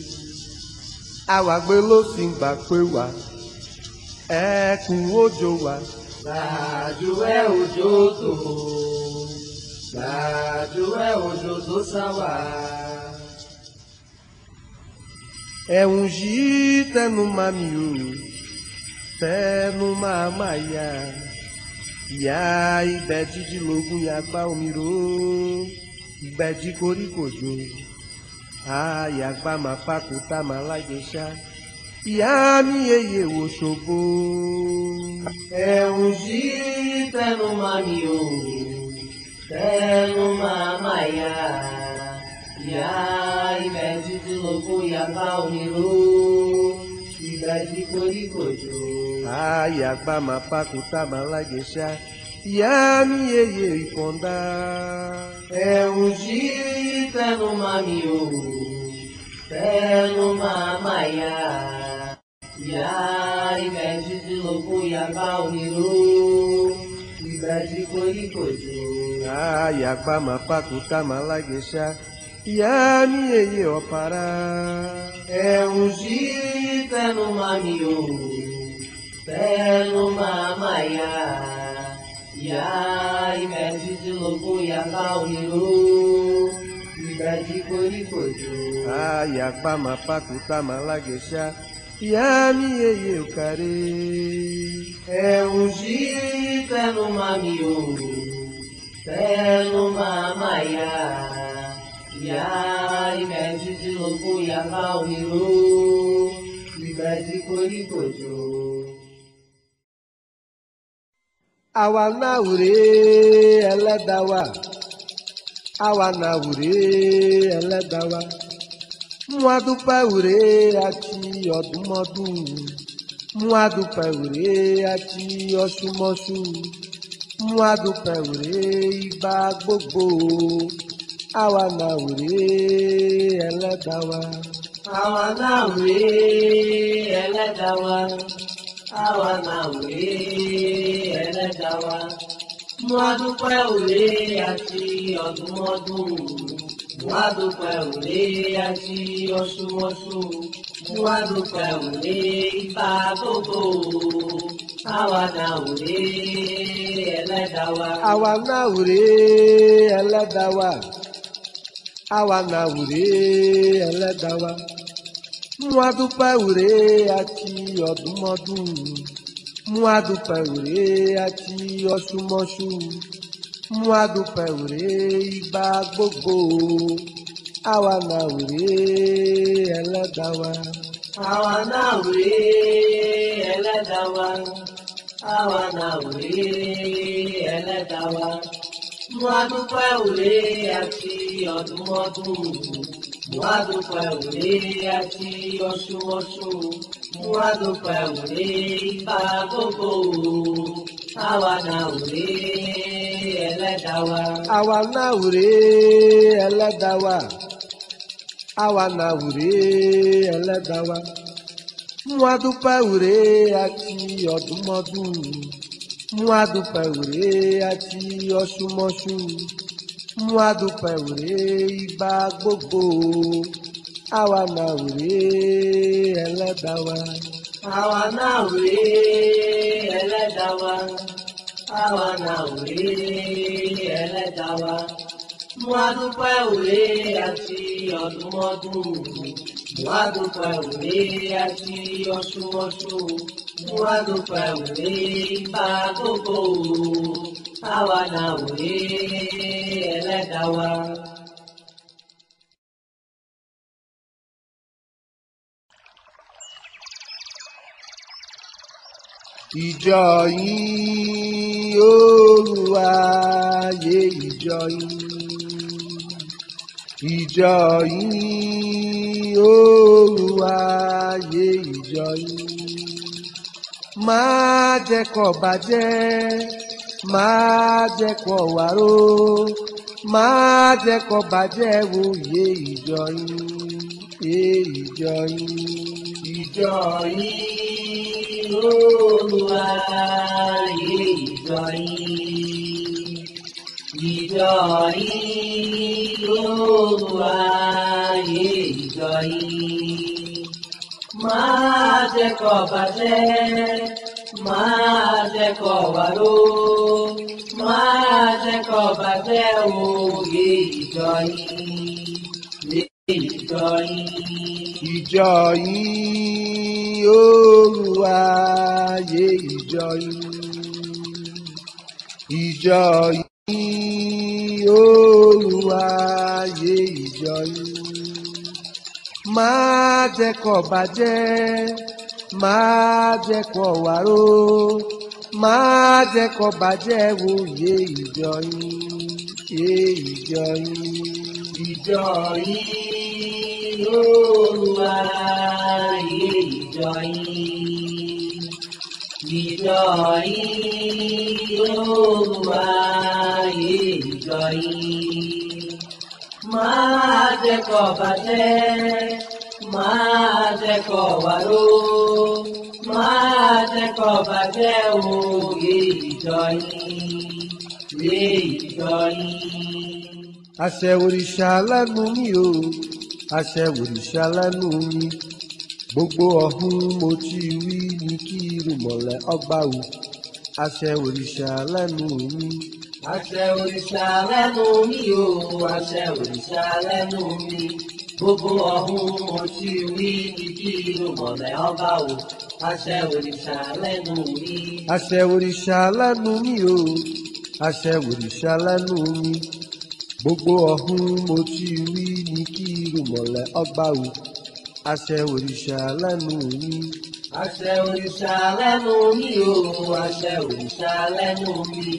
àwàgbé ló fi ń gbà pé wà ẹkùn òjò é o ẹ òjò tó o ẹ òjò tó sá wà. ẹ̀wùn yìí tẹnu máa mi ò tẹnu máa máa yá ìyá ibẹ̀ jíjí lógún yàgbá omi koríko jò. aya gba ma pakuta ma lájẹsà ìyá mi yeye wò ṣògo. ẹ̀wù sí tẹnu máa mi ò tẹnu máa má yá ìyá ilẹ̀ títí lóko yàgbá omi ró ìdájí koríko jò. aya gba ma pakuta ma lájẹsà. minha e Ipondá. É um gita no mamiú, pé no mamaiá. a inveja de louco e abauniru, de coricojú. Ai, apama pacuta malaguexá. Iame e pará É um gita no mamiú, pé no mamaiá. Yai, mestre de louco e Ibradi Coricojo. Ai, Apama, Pacuta, Malaguexá, Yami, eu carei. É um gita no mamiú, é no mamaiá. Yai, mestre de louco Yatauriru, Ibradi Coricojo. àwa náà wùré ẹlẹ́dàá wa àwa náà wùré ẹlẹ́dàá wa mú adúpẹ́ wùré àti ọdúnmọ́dún mú adúpẹ́ wùré àti gbogbo àwa náà wùré ẹlẹ́dàá wa àwa náà wùré àwa máa wé ẹlẹ́dàá wa mú adúpẹ́ òwe àti ọdún ọdún mú adúpẹ́ òwe àti ọṣún ọṣún mú adúpẹ́ òwe ipa gbogbo àwa náà wé ẹlẹ́dàá wa. àwa náà wé ẹlẹ́dàá wa àwa mú adúpẹ́ òré àti ọdúnmọ́dún mú adúpẹ́ òré àti ọṣùmọ́ṣù mú adúpẹ́ òré ìgbà gbogbo àwa náà òré ẹlẹ́dàá wa. àwa ure òré ẹlẹ́dàá wa àwa náà òré ẹlẹ́dàá wa mú adúpẹ́ Muwadupa ure àti ọ̀ṣunọ̀ṣun. Muwadupa ure ipa gbogbo o. Àwa náà ure ẹlẹ́dàá wa. Àwa náà ure ẹlẹ́dàá wa. Àwa náà ure ẹlẹ́dàá wa mwadụpa were ịba gbogbo awa na were eledawa awa na were eledawa awa na were eledawa mwadụpa were àti ọdụmọdụ mwadụpa were àti ọsụọsụ mwadụpa were ịba gbogbo àwa làwòrè ẹlẹ́dàá wa. ìjọ yín Olúwa yé ìjọ yín ìjọ yín Olúwa yé ìjọ yín má jẹ́ kó bàjẹ́ máa jẹ́ kọ́ wàró máa jẹ́ kọ́ bàjẹ́ wo yé ìjọ yín yé ìjọ yín. ìjọ yín olúwa yé ìjọ yín ìjọ yín olúwa yé ìjọ yín máa jẹ́ kọ́ bàjẹ́ máa jẹ́kọ̀ wàró máa jẹ́kọ̀ bàbẹ́ òye ìjọ yín ìjọ yín. ìjọ yín Olúwa yé ìjọ yín ìjọ yín Olúwa yé ìjọ yín máa jẹ́kọ̀ bàjẹ́ máa jẹ́ kó wàró máa jẹ́ kó bàjẹ́ wo yé ìjọ yín yé ìjọ yín. ìjọ yín lóòrùwà yé ìjọ yín ìjọ yín lóòrùwà yé ìjọ yín máa jẹ́ kó bàjẹ́ máa tẹkọ̀ wá ló máa tẹkọ̀ bàbẹ́ òye ìjọyìn lé ìjọyìn. àṣẹ òrìṣà lẹ́nu mi o àṣẹ òrìṣà lẹ́nu mi gbogbo ọ̀hún mo ti wí ní kí irùmọ̀lẹ̀ ọgbà wù àṣẹ òrìṣà lẹ́nu mi. àṣẹ òrìṣà lẹ́nu mi o àṣẹ òrìṣà lẹ́nu mi gbogbo ọ̀hún ojú wí ìdí ìrọ̀lẹ́ ọba o àṣẹ òrìṣà lẹ́nu mi. àṣẹ òrìṣà lẹ́nu mi o àṣẹ òrìṣà lẹ́nu mi gbogbo ọ̀hún mo ti wí ní kí ìrọ̀lẹ́ ọba o àṣẹ òrìṣà lẹ́nu mi. àṣẹ òrìṣà lẹ́nu mi o àṣẹ òrìṣà lẹ́nu mi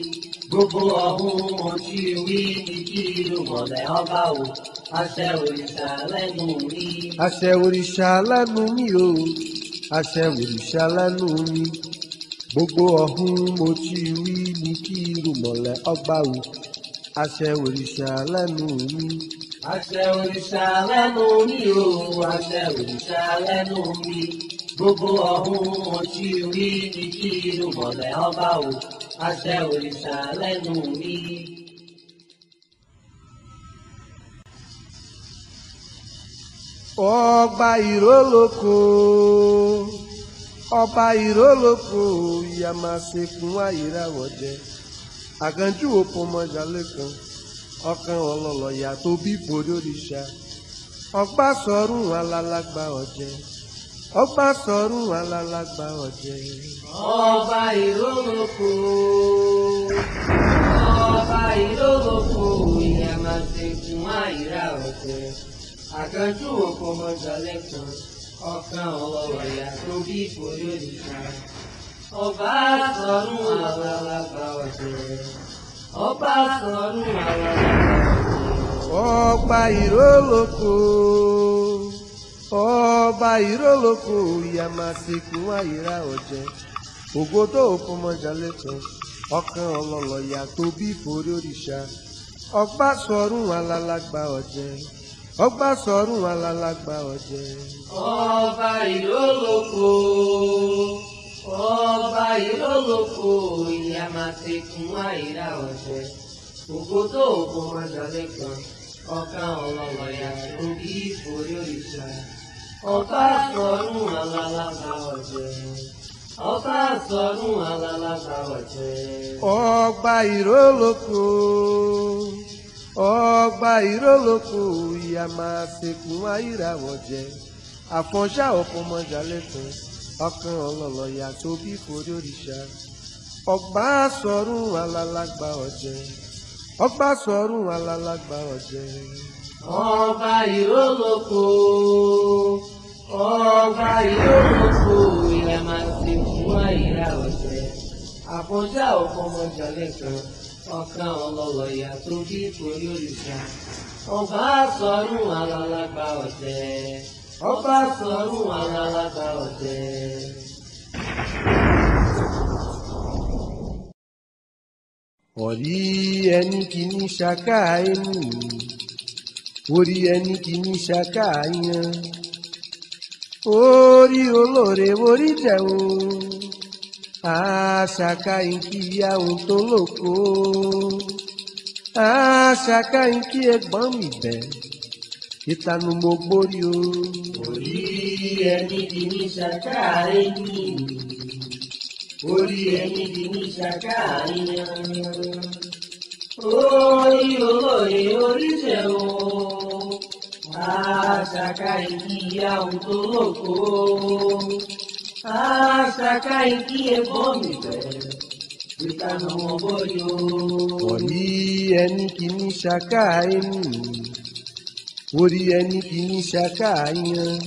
gbogbo ọ̀hún orí orí kìkì lòmọ̀lẹ́ ọba o àṣẹ òrìṣà lẹ́nu mi. àṣẹ òrìṣà lẹ́nu mi o àṣẹ òrìṣà lẹ́nu mi gbogbo ọ̀hún mo ti wí ní kí lòmọ̀lẹ́ ọba o àṣẹ òrìṣà lẹ́nu mi. àṣẹ òrìṣà lẹ́nu mi o àṣẹ òrìṣà lẹ́nu mi gbogbo ọ̀hún mo ti wí ní kí lòmọ̀lẹ́ ọba o àṣẹ òrìṣà lẹ́nu mi. ọba ìrólókò ọba ìrólókò yamasekun ayírawọ̀jẹ àkànjú òpómọjà lẹ́kan ọkàn ọlọ́lọ́ yàtọ̀ bí bòdòrìṣà ọgbà sọ̀rùn alálágbà ọ̀jẹ̀ ọgbà sọ̀rùn alálágbà ọ̀jẹ̀ ọba ìrókò ọba ìrókò ìyàmàtẹ̀kùn àìrà ọ̀tẹ̀ àkànjú òkò ọjọ́ lẹ́kàn ọkàn ọ̀wọ̀ yàtọ̀ bí ìfòyó nìkan ọba sọ̀rùn àwọn alábà ọ̀tẹ̀ ọba sọ̀rùn àwọn alábà ọ̀tẹ̀. ọba ìrólókò ọba ìrólókò ìyàmàtẹ̀kùn àìrà ọ̀jẹ̀ ògo tó fún mọ́jálé tán ọkàn ọlọ́lọ́ yàtọ̀ bí forí òrìṣà ọgbà sọ̀rùn alálàgbà ọ̀jẹ̀ ọgbà sọ̀rùn alálàgbà ọ̀jẹ̀. ọba ìlólókò ọba ìlólókò ìyá máa ti kún àìrá ọ̀jẹ̀ ògo tó fún mọ́jálé tán ọkàn ọlọ́lọ́ yàtọ̀ bí forí òrìṣà ọgbà sọ̀rùn alálàgbà ọ̀jẹ̀ ọba àtọ̀run alálàgbà ọ̀jẹ́. ọgbà ìrólókò ọgbà ìrólókò ìyá máa sekun ayírawọ̀ jẹ àfọ̀nṣá ọ̀pọ̀mọjà lẹ́kùn ọkàn ọlọ́lọ́yà tó bí forí òrìṣà ọgbà sọ̀rùn alálàgbà ọ̀jẹ̀ ọgbà sọ̀rùn alálàgbà ọ̀jẹ̀. ọgbà ìrólókò ọba ìyókò ìyá máa ti fún àyíká ọ̀sẹ̀ àfọ̀njá ọ̀fọ̀mọjà lẹ́kọ̀ọ́ ọ̀kan ọlọ́lọ́yà tó bí ìkórè òrìṣà ọba sọ̀rùn alálàgbà ọ̀sẹ̀ ọba sọ̀rùn alálàgbà ọ̀sẹ̀. orí ẹni kìíní ṣaká ẹni orí ẹni kìíní ṣaká yan orí olóore orí dẹ̀ o àṣàkà ìkíyà òun tó lòkó àṣàkà ìkí ẹ̀gbọ́n mi bẹ̀ ìtanu mo gbórí o. orí ẹni kì í ṣàkà ẹni orí ẹni kì í ṣàkà ẹni orí olóore orí dẹ̀ o. Acha caingia é utuloko Acha caingie bombe é bom ọgbọ́n ver. Orí ẹni kì Ori é ẹni, orí Ori é í ṣaká yan.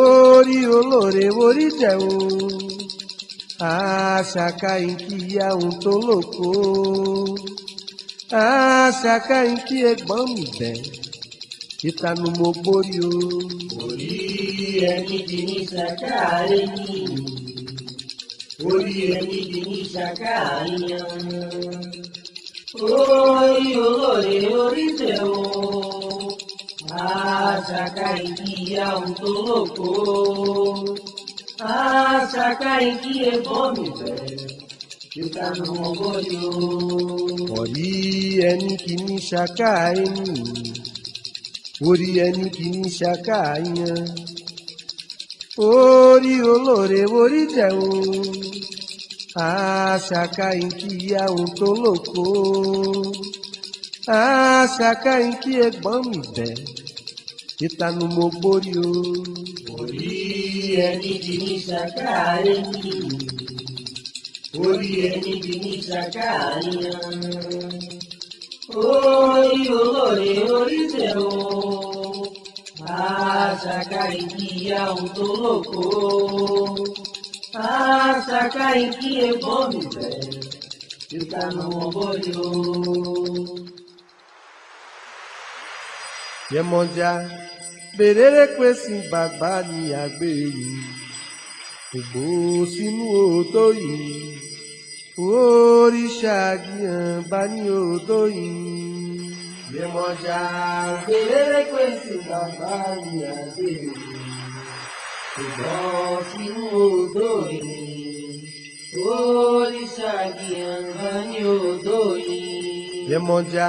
Orí olóore orí jẹun, àṣàkà ìkìyà òun tó lòkó. Àṣàkà ìkìyà gbọ́n mi ìta ni mo gbórí o. orí ẹni di ní sàkáàrí ni orí ẹni di ní sàkáàrí yan. orí olóore orí tẹ̀ o. àṣàkà ìdíyà òtò òkò. àṣàkà ìdíyẹ bọ́ọ̀lù bẹ̀rẹ̀. ìta ni mo gbórí o. orí ẹni kì í ní sàkáàrí ni orí ẹni kì í ṣaká yan orí olóore orí dẹ̀hùn àṣàkà ìkí àwọn tó lóko àṣàkà ìkí ẹ̀gbọ́n mi bẹ ìtanu mo gbórí o. orí ẹni kì í ṣaká ẹni orí ẹni kì í ṣaká yan orí olóore orí tẹ̀ o àṣàkà ìkìyà òtò lóko àṣàkà ìkí epo mi bẹ̀ ìkànnì ọ̀bọ̀lì o. Yemọja bèrèrè bàbá ni àgbèrè ògbó sínú òótọ́ yìí oríṣàgìyàn bá ní odò yìí. Gbèmọ̀jà gbèrèrè pèsè bàbá mi àgbèrè. Ìgbọ́n sí odò yìí. Oríṣàgìyàn bá ní odò yìí. Gbèmọ̀jà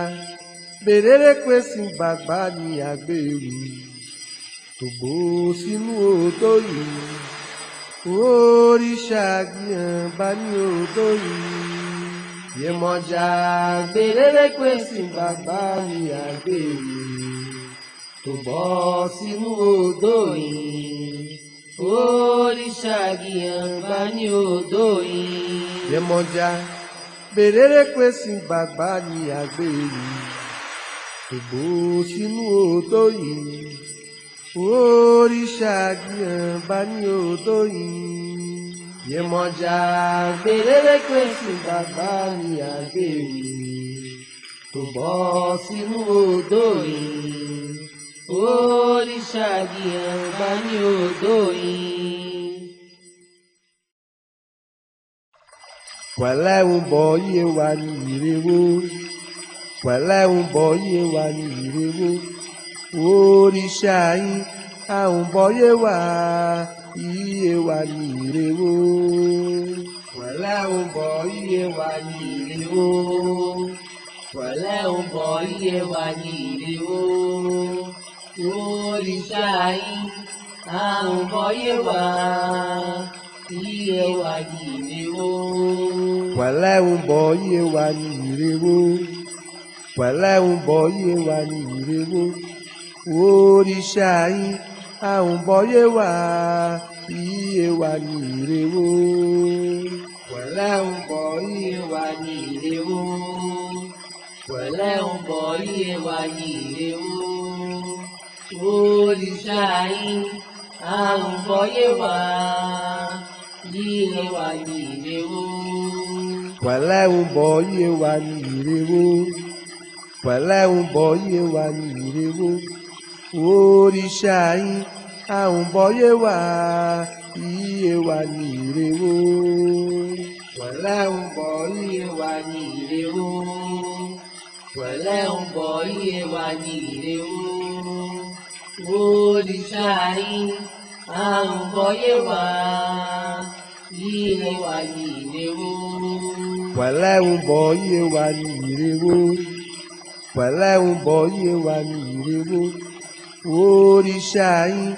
gbèrèrè pèsè bàbá mi àgbèrè. Tògbó sínú odò yìí oríṣà gbìyàn bá ní odò yìí yèmọ̀jà gbèrèrè pé sí bàbá mi àgbèrè tó bọ́ sínú odò yìí oríṣà gbìyàn bá ní odò yìí. yèmọ̀jà gbèrèrè pé sí bàbá mi àgbèrè tó bọ́ sínú odò yìí òrìṣà gbìyàn bá ní òótọ́ yìí Yemọja gbèrèrèkè sí bàbá mi àgbèrè tó bọ́ sínú odò yìí òrìṣà gbìyàn bá ní òótọ́ yìí. pẹ̀lẹ́ ń bọ̀ yé wa ní ìrèwó pẹ̀lẹ́ ń bọ̀ yé wa ní ìrèwó òrìṣà yín a ò bọyé wá iye wa ní wo. wẹ̀lẹ́ ò bọ̀ iye wa ní ìrèwò. wẹ̀lẹ́ ò bọ̀ iye wa ní ìrèwò. òrìṣà yín a ò bọyé wá iye wa ní ìrèwò. wẹ̀lẹ́ ò bọ̀ iye wa ní ìrèwò. wẹ̀lẹ́ ò bọ̀ iye wa ní ìrèwò òrìṣà yín àwùbọ̀yé wà iye wà ní ìrèwò. pẹ̀lẹ́ ń bọ̀ iye wà ní ìrèwò. pẹ̀lẹ́ ń bọ̀ iye wà ní ìrèwò. òrìṣà yín àwùbọ̀yé wà iye wà ní ìrèwò. pẹ̀lẹ́ ń bọ̀ iye wà ní ìrèwò. pẹ̀lẹ́ ń bọ̀ iye wà ní ìrèwò òrìṣà yín àwùbọ̀yé wà iye wà ní ìrèwò. pẹ̀lẹ́ ń bọ̀ iye wà ní ìrèwò. pẹ̀lẹ́ ń bọ̀ iye wà ní ìrèwò. òrìṣà yín àwùbọ̀yé wà iye wà ní ìrèwò. pẹ̀lẹ́ ń bọ̀ iye wà ní ìrèwò. pẹ̀lẹ́ ń bọ̀ iye wà ní ìrèwò òrìṣà yín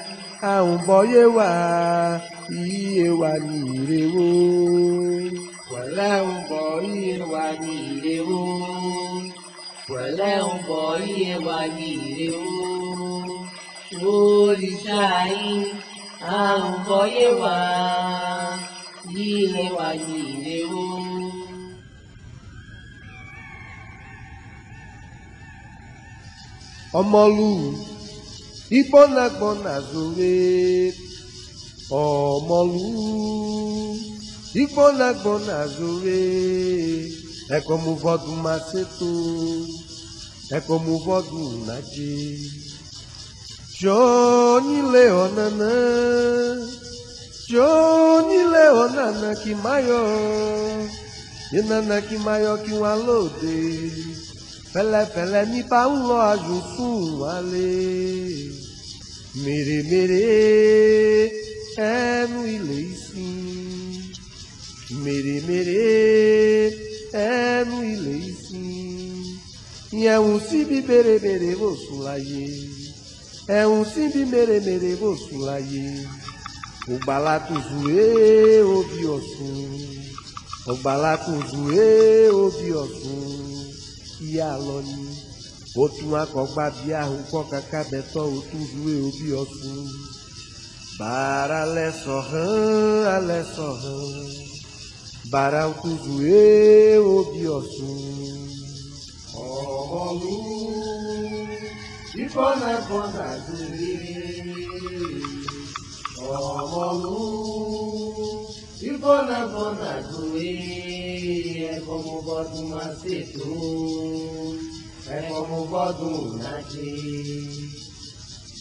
àwùbọ̀yé wà iye wà ní ìrèwò. wẹ̀lẹ́ ń bọ̀ iye wà ní ìrèwò. wẹ̀lẹ́ ń bọ̀ iye wà ní ìrèwò. òrìṣà yín àwùbọ̀yé wà iye wà ní ìrèwò. ọmọlúwo. Igbonagbona zure ọmọlú. Igbonagbona zure é como o vó do macetu, é como o vó do nadi. Johnny Leonanã, Johnny Leonanã que maior, e nanã que maior que um alode. Pelé, Pelé, me baúlo a Mere, mere, é no ilei sim. Mere, mere, é no ilei sim. E é um simbi, mere, mere, vou É um simbi, mere, mere, vou O balato zoe, ouvi o som. O balato o som. kí a lọ ni otu akọgba bịa ahụkọ kaka betọ otu rue obi ọtụ bara lesọ ha alesọ ha bara nkuzu ee obi ọtụ ọmọlú ifọ̀nà kọ́nà dùnmí ọmọlú ifọ̀nà kọ́nà dùnmí. como o Godumate tu, é como o Godumate.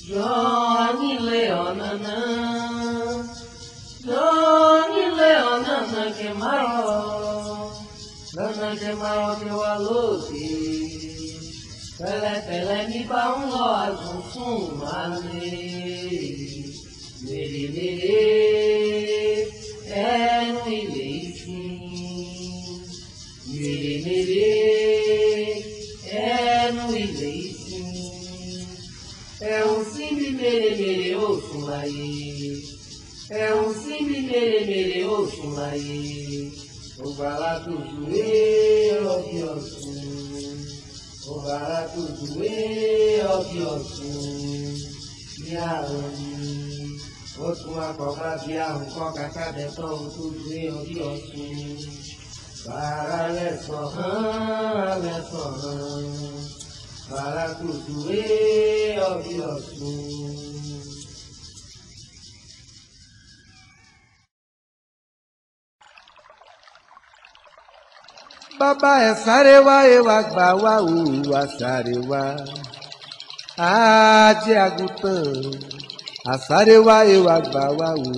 Johnny Leonanã, Johnny Leonanã que maró, Leonanã que maró meu alô, Pelé, Pelé me pá um logo, sumane, Lele, lele, é no ilê. mèremère ó sùn láyé ẹ̀rùn sí mi mèremère ó sùn láyé gbogbo alátòjú wé ọbí ọ̀sùn gbogbo alátòjú wé ọbí ọ̀sùn bí àrùn ó tún akọ̀ọ́bá bí àrùn kọ́ kàkà dẹ́tọ́ ohun tó gbé ọbí ọ̀sùn bàrà lẹ́sàn án lẹ́sàn án bàrà kò wé ọbí ọ̀sùn. Baba ẹ̀ sáré wá ẹwà gbà wá òwà sáré wá àjẹ́ àgùntàn àsáré wá ẹwà gbà wá o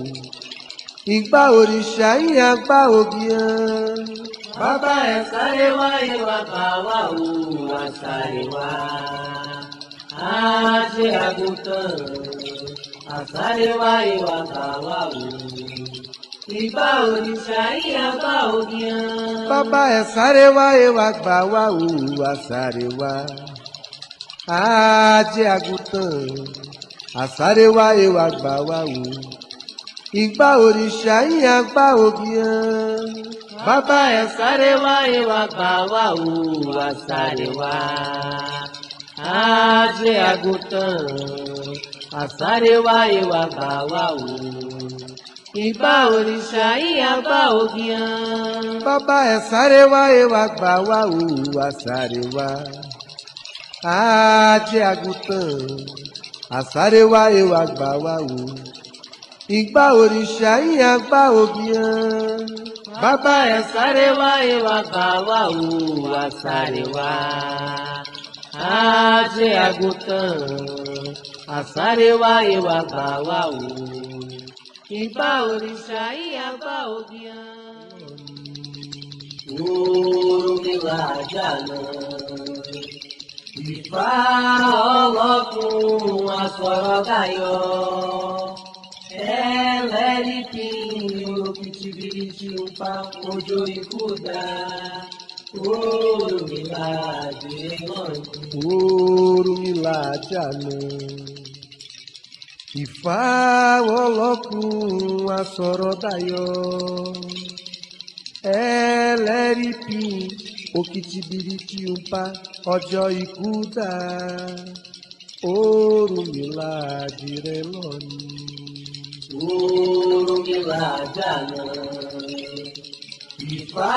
ìgbà òrìṣà yìí àgbà òbí hàn. bàbá ẹ̀ sáré wá ẹwà gbà wá òwà sáré wá àjẹ́ àgùntàn àsáré wá ẹwà gbà wá o ìbá òní sáré abá òní à. bàbá ẹ sáré wá ewa gbà wá òwúwa sáré wá ajé àgùntàn àsáré wá ewa gbà wá o ìgbà òrìṣà yìí àgbà òbí hàn. bàbá ẹ sáré wá ewa gbà wá òwúwa sáré wá ajé àgùntàn àsáré wá ewa gbà wá o ìbá òrìṣà ìyá bá ògìyàn. bàbá ẹ̀ sáré wá ewa gbà wá òwúwa sáré wá àjẹ́ àgùntàn àsáré wá ewa gbà wá o ìgbà òrìṣà ìyá gbà ògìyàn. bàbá ẹ̀ sáré wá ewa gbà wá òwúwa sáré wá àjẹ́ àgùntàn àsáré wá ewa gbà wá o. quem baoriza e a baoriã. Ouro de lá de anã, e fala com a sua roda ió. Ela é limpinho, o que te brinde o papo de oricuda. Ouro milagre, ouro milagre, amém. ìfà ọlọ́kùn asọ̀rọ̀ dayọ̀ ẹlẹ́rìí pin òkìtìbìrì tí ń pa ọjọ́ ikú ta oorun mi láàjì rẹ lọ́ni. oorun mi láàjà lọ. ìfà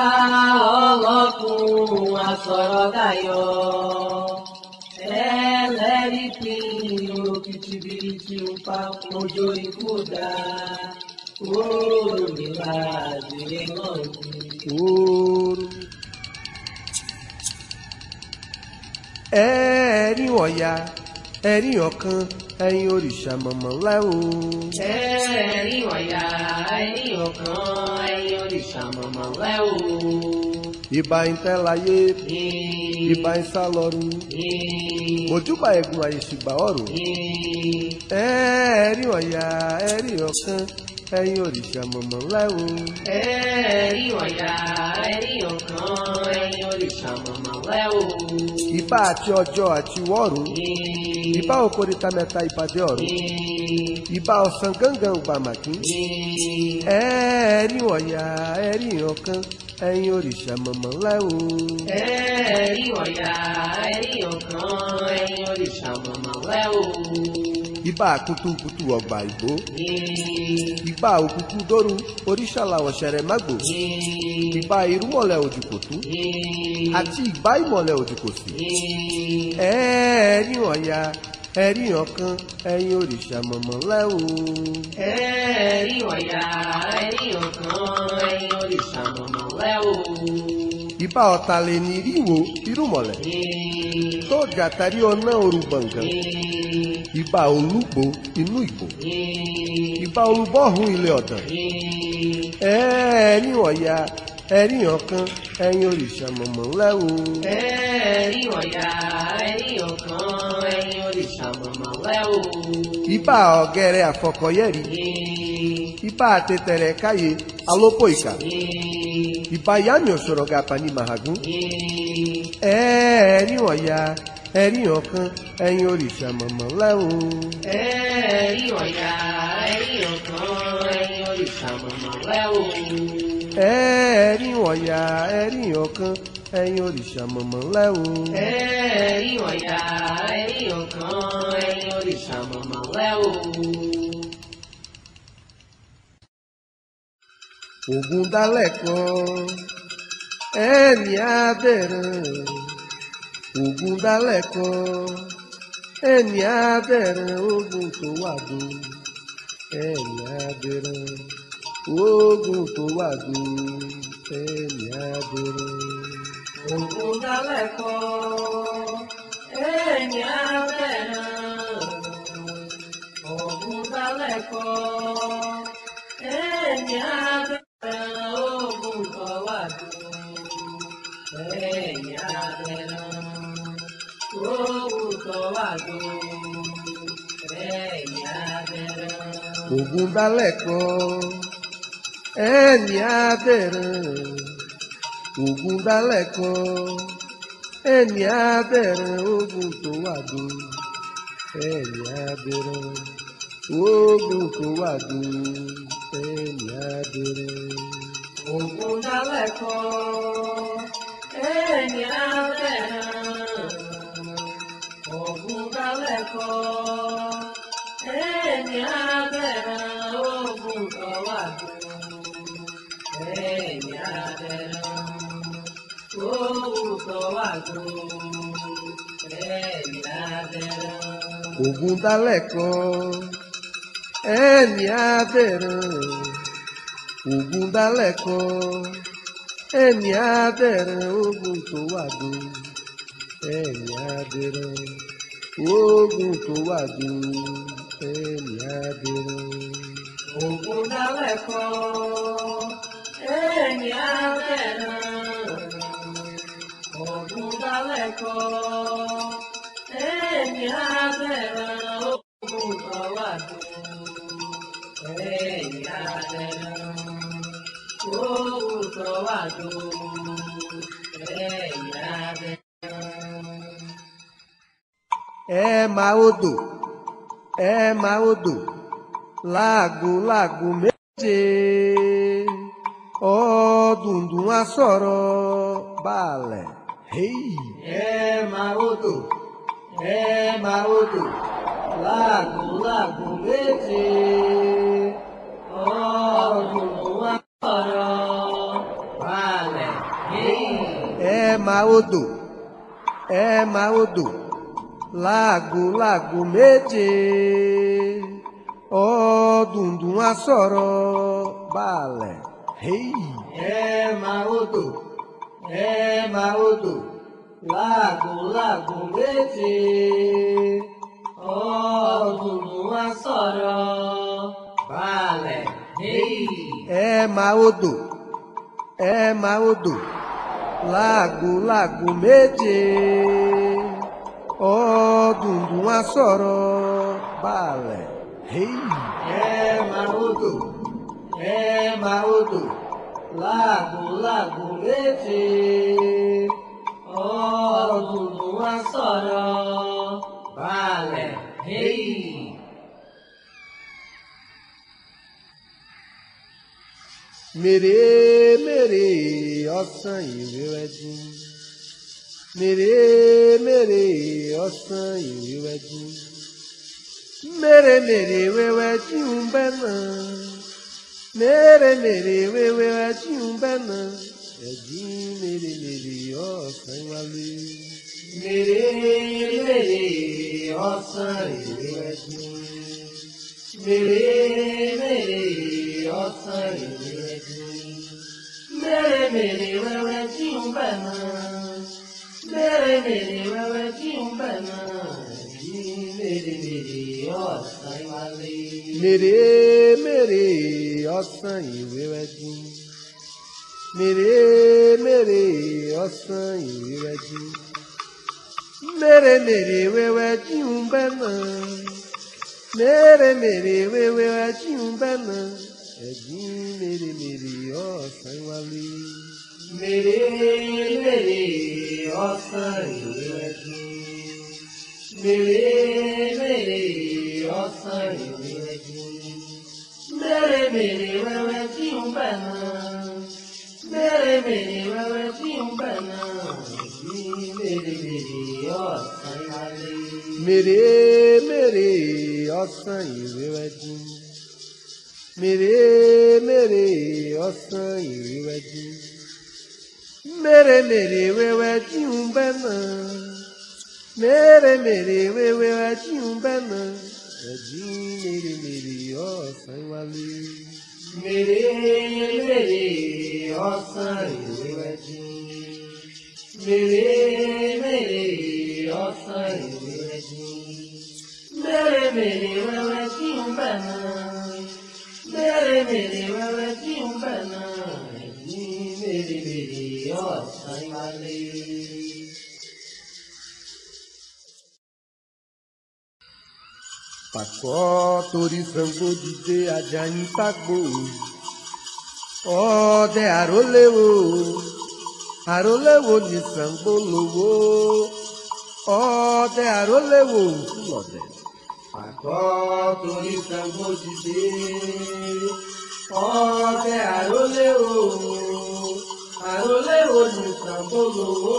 ọlọ́kùn asọ̀rọ̀ dayọ̀. ìfipá ojú ikú dá oòrùn nípa àgbèrè náà oòrùn. ẹ̀ẹ́rì ọ̀yà ẹ̀rí ọ̀kan ẹ̀yin òrìṣà mọ̀mọ́ ńlá o. ẹ̀ẹ́rì ọ̀yà ẹ̀rí ọ̀kan ẹ̀yin òrìṣà mọ̀mọ́ ńlá o. Iba ń tẹ́láyé ìbà ń sálọ́run ojúbà ẹ̀gùn àyèsùgbà ọ̀rọ̀ ẹ̀ẹ́rì ọ̀yà ẹ̀ẹ́rì ọ̀kan ẹ̀yin òrìṣà mọ̀mọ́ ńlá o. ẹ̀ẹ́rì ọ̀yà ẹ̀ẹ́rì ọ̀kan ẹ̀yin òrìṣà mọ̀mọ́ ńlá o. iba àti ọjọ́ àti wọ́ọ̀rùn iba òkòrìta mẹ́ta ìpàdé ọ̀rùn ìbà ọ̀sán gángan ògbàmàkì ẹ̀ẹ́rì ọ̀yà ẹ̀ẹ́rì ọ̀kan ẹ̀yin òrìṣà mọ̀mọ́ ńlá o. ẹ̀rí ọ̀yà ẹ̀rí ọ̀kan ẹ̀yin òrìṣà mọ̀mọ́ ńlá o. ibà kutukutu ọgbà ìgbó. ibà òkùnkùn dóru oríṣà làwọn ṣẹ̀rẹ̀ mágbò. ibà irúmọ̀lẹ̀ òdìkòtú. àti ibà ìmọ̀lẹ̀ òdìkòsí. ẹ̀ẹ́rí ọ̀yà ẹ̀rí ọ̀kan ẹ̀yin òrìṣà mọ̀mọ́ ńlẹ́ o. ẹ̀rí ọ̀yà ẹ̀rí ọ̀kan ẹ̀yin òrìṣà mọ̀mọ́ ńlẹ́ o. ìbá ọ̀tà lè ní ìwò irúmọ̀lẹ̀. tó gàtàrí ọ̀nà òrùbọ̀ǹgàn. ìbá olúgbò inú ìgbò. ìbá olúbọ̀hún ilé ọ̀dàn. ẹ̀ẹ́rí ọ̀yà ẹ̀rí ọ̀kan ẹ̀yin òrìṣà mọ̀mọ́ ńlá o. ẹ̀rí ọ̀yà ẹ̀rí ọ̀kan ẹ̀yin òrìṣà mọ̀mọ́ ńlá o. ipa ọ̀gẹ̀rẹ̀ àfọkọ̀yẹ̀rí. ipa àtẹtẹrẹ káyé alópò ìkà. ipa yánni òṣòro gàpàní màhágún. ẹ̀rí ọ̀yà ẹ̀rí ọ̀kan ẹ̀yin òrìṣà mọ̀mọ́ ńlá o. ẹ̀rí ọ̀yà ẹ̀rí ọ̀kan ẹ̀yin òrìṣà mọ̀mọ́ ńlá o ẹ̀ẹ́rín ọ̀yà ẹ̀rín ọ̀kan ẹ̀yin òrìṣà mọ̀mọ́ ńlá o. ẹ̀ẹ́rín ọ̀yà ẹ̀rín ọ̀kan ẹ̀yin òrìṣà mọ̀mọ́ ńlá o. ògùn dálẹ̀ kan ẹ̀ẹ́nì abẹ́rẹ́ ògùn dálẹ̀ kan ẹ̀ẹ́nì abẹ́rẹ́ ògùn tó wà dùn ẹ̀ẹ́nì abẹ́rẹ́ oògùn tó wà gùn ẹ̀mí àbúrò. ògùn dálẹ̀ kọ́ ẹ̀mí àbẹ̀rẹ̀ ògùn dálẹ̀ kọ́ ẹ̀mí àbẹ̀rẹ̀ ògùn tó wà gùn ẹ̀mí àbẹ̀rẹ̀ ògùn tó wà ẹni abẹ́rẹ́ ogun dálẹ̀ kan ẹni abẹ́rẹ́ ogun tó wà dùn ẹni abẹ́rẹ́ ogun tó wà dùn ẹni abẹ́rẹ́. ogun dálẹ̀ kan ẹni abẹ́rẹ́ ogun dálẹ̀ kan ẹni abẹ́rẹ́ ogun tó wà ẹ̀yìn àtẹ̀lọ́ kórúkọ wà tó ẹ̀yìn àtẹ̀lọ́. ògùn dálẹ̀ kan ẹ̀yìn àtẹ̀lọ́ ògùn dálẹ̀ kan ẹ̀yìn àtẹ̀lọ́ ògùn tó wà tó ẹ̀yìn àtẹ̀lọ́ ogun tó wà ju ẹ̀yà bẹ̀rẹ̀. ògùn dálẹ̀ kan ẹni odo ọ̀gùn balẹ̀ kọ́ ẹni àfẹ́ràn ọ̀gùn bàwà tó ẹni àfẹ́ràn ọ̀gùn bàwà tó ẹni àfẹ́ràn. ẹ máa ó dò ẹ máa ó dò láago láago méje ó dùndún asoro bale, hey. É máa odò ẹ máa odò láàgùn láàgùn létè ó dùndún á sọ̀rọ̀ balẹ̀. ẹ máa odò ẹ máa odò láàgùn láàgùn méje ó dùndún á sọ̀rọ̀ balẹ̀. Hey, é ó é ẹ lago lago tò láàgùn láàgùn létè vale. wá sọ̀rọ̀ balẹ̀ ẹ máa ó lago ẹ máa ó tò láàgùn láàgùn méje ọ̀dùnkún wá sọ̀rọ̀ ẹ̀ẹ́mà odò láàgùn láàgùn létí ọ̀rọ̀ gbogbo wa sọ̀rọ̀ balẹ̀ hẹ́yì. mèrè mèrè Mere mere mèrè mèrè ọ̀sán ìrẹ́wẹ́jú mèrè mèrè wẹ́wẹ́jú ń bẹ́ náà mere mere wewe ẹjí ń bẹ́nà ẹjí mere mere ọ̀sán wálé. mere mere ọ̀sán ìwé ẹjí. mere mere ọ̀sán ìwé ẹjí. mere mere wewe ẹjí ń mere mere wewe ẹjí ń bẹ́nà mere mere. Mere mere ọ̀sán ìwé wẹ́jú mere mèrè ọ̀sán ìwé wẹ́jú mèrè mèrè wẹ́wẹ́jú ń bẹ́ náà mèrè mere wẹ́wẹ́jú ń bẹ́ náà ẹ̀gbìn mèrè mèrè ọ̀sán wálé. mèrè mèrè ọ̀sán ìwé wẹ́jú mèrè mèrè. Mere mere ẹjì bẹ̀rẹ̀ bèrè wẹ́wẹ́ mere ń bà náà bẹ̀rẹ̀ bèrè wẹ́wẹ́ mere ń bà náà bẹ̀rẹ̀ mere ọsàn lálẹ́. mèrè mèrè ọsàn ìwé wẹ́jì mèrè mèrè ọsàn ìwé wẹ́jì mèrè mèrè wẹ́wẹ́ tí ń ẹ̀jú mèrè mèrè ọ̀sán wálé. mèrè mèrè ọ̀sán ìwé wájú. mèrè mèrè ọ̀sán ìwé wájú. mèrè mèrè wẹ́wẹ́ tí ń bẹ̀ náà. mèrè mèrè wẹ́wẹ́ tí ń bẹ̀ náà. ẹ̀jú mèrè mèrè ọ̀sán wálé. pàṣọ torí Ṣàngó dìde Àjàyí ságbó ọdẹ àrólẹ́wò àrólẹ́wò ní Ṣàngó lówó ọdẹ àrólẹ́wò òkú lọ́dẹ. pàṣọ torí Ṣàngó dìde ọdẹ àrólẹ́wò àrólẹ́wò ní Ṣàngó lówó.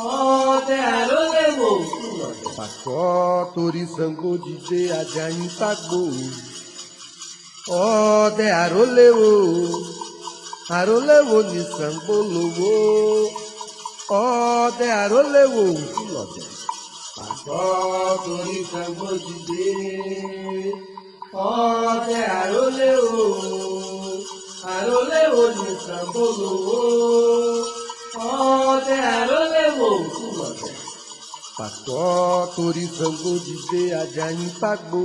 Ọ̀tẹ̀ àlóléwò. Pàṣọ torí Ṣàngó dìde Àjàyí ságbó. Ọ̀tẹ̀ àrólẹ́wò. Àrólẹ́wò ni Ṣàngó lówó. Ọ̀tẹ̀ àrólẹ́wò. Pàṣọ torí Ṣàngó dìde. Ọ̀tẹ̀ àrólẹ́wò. Àrólẹ́wò ni Ṣàngó lówó pàtọ́ torí Ṣàngó dìde Àjàyí pàgbò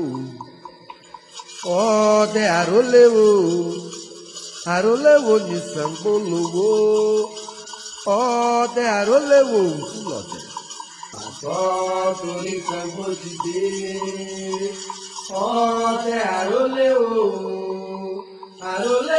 ọdẹ àrólẹ́wò àrólẹ́wò ní Ṣàngó lówó ọdẹ àrólẹ́wò òkúlọ̀dẹ. pàtọ́ torí Ṣàngó dìde ọdẹ àrólẹ́wò àrólẹ́wò.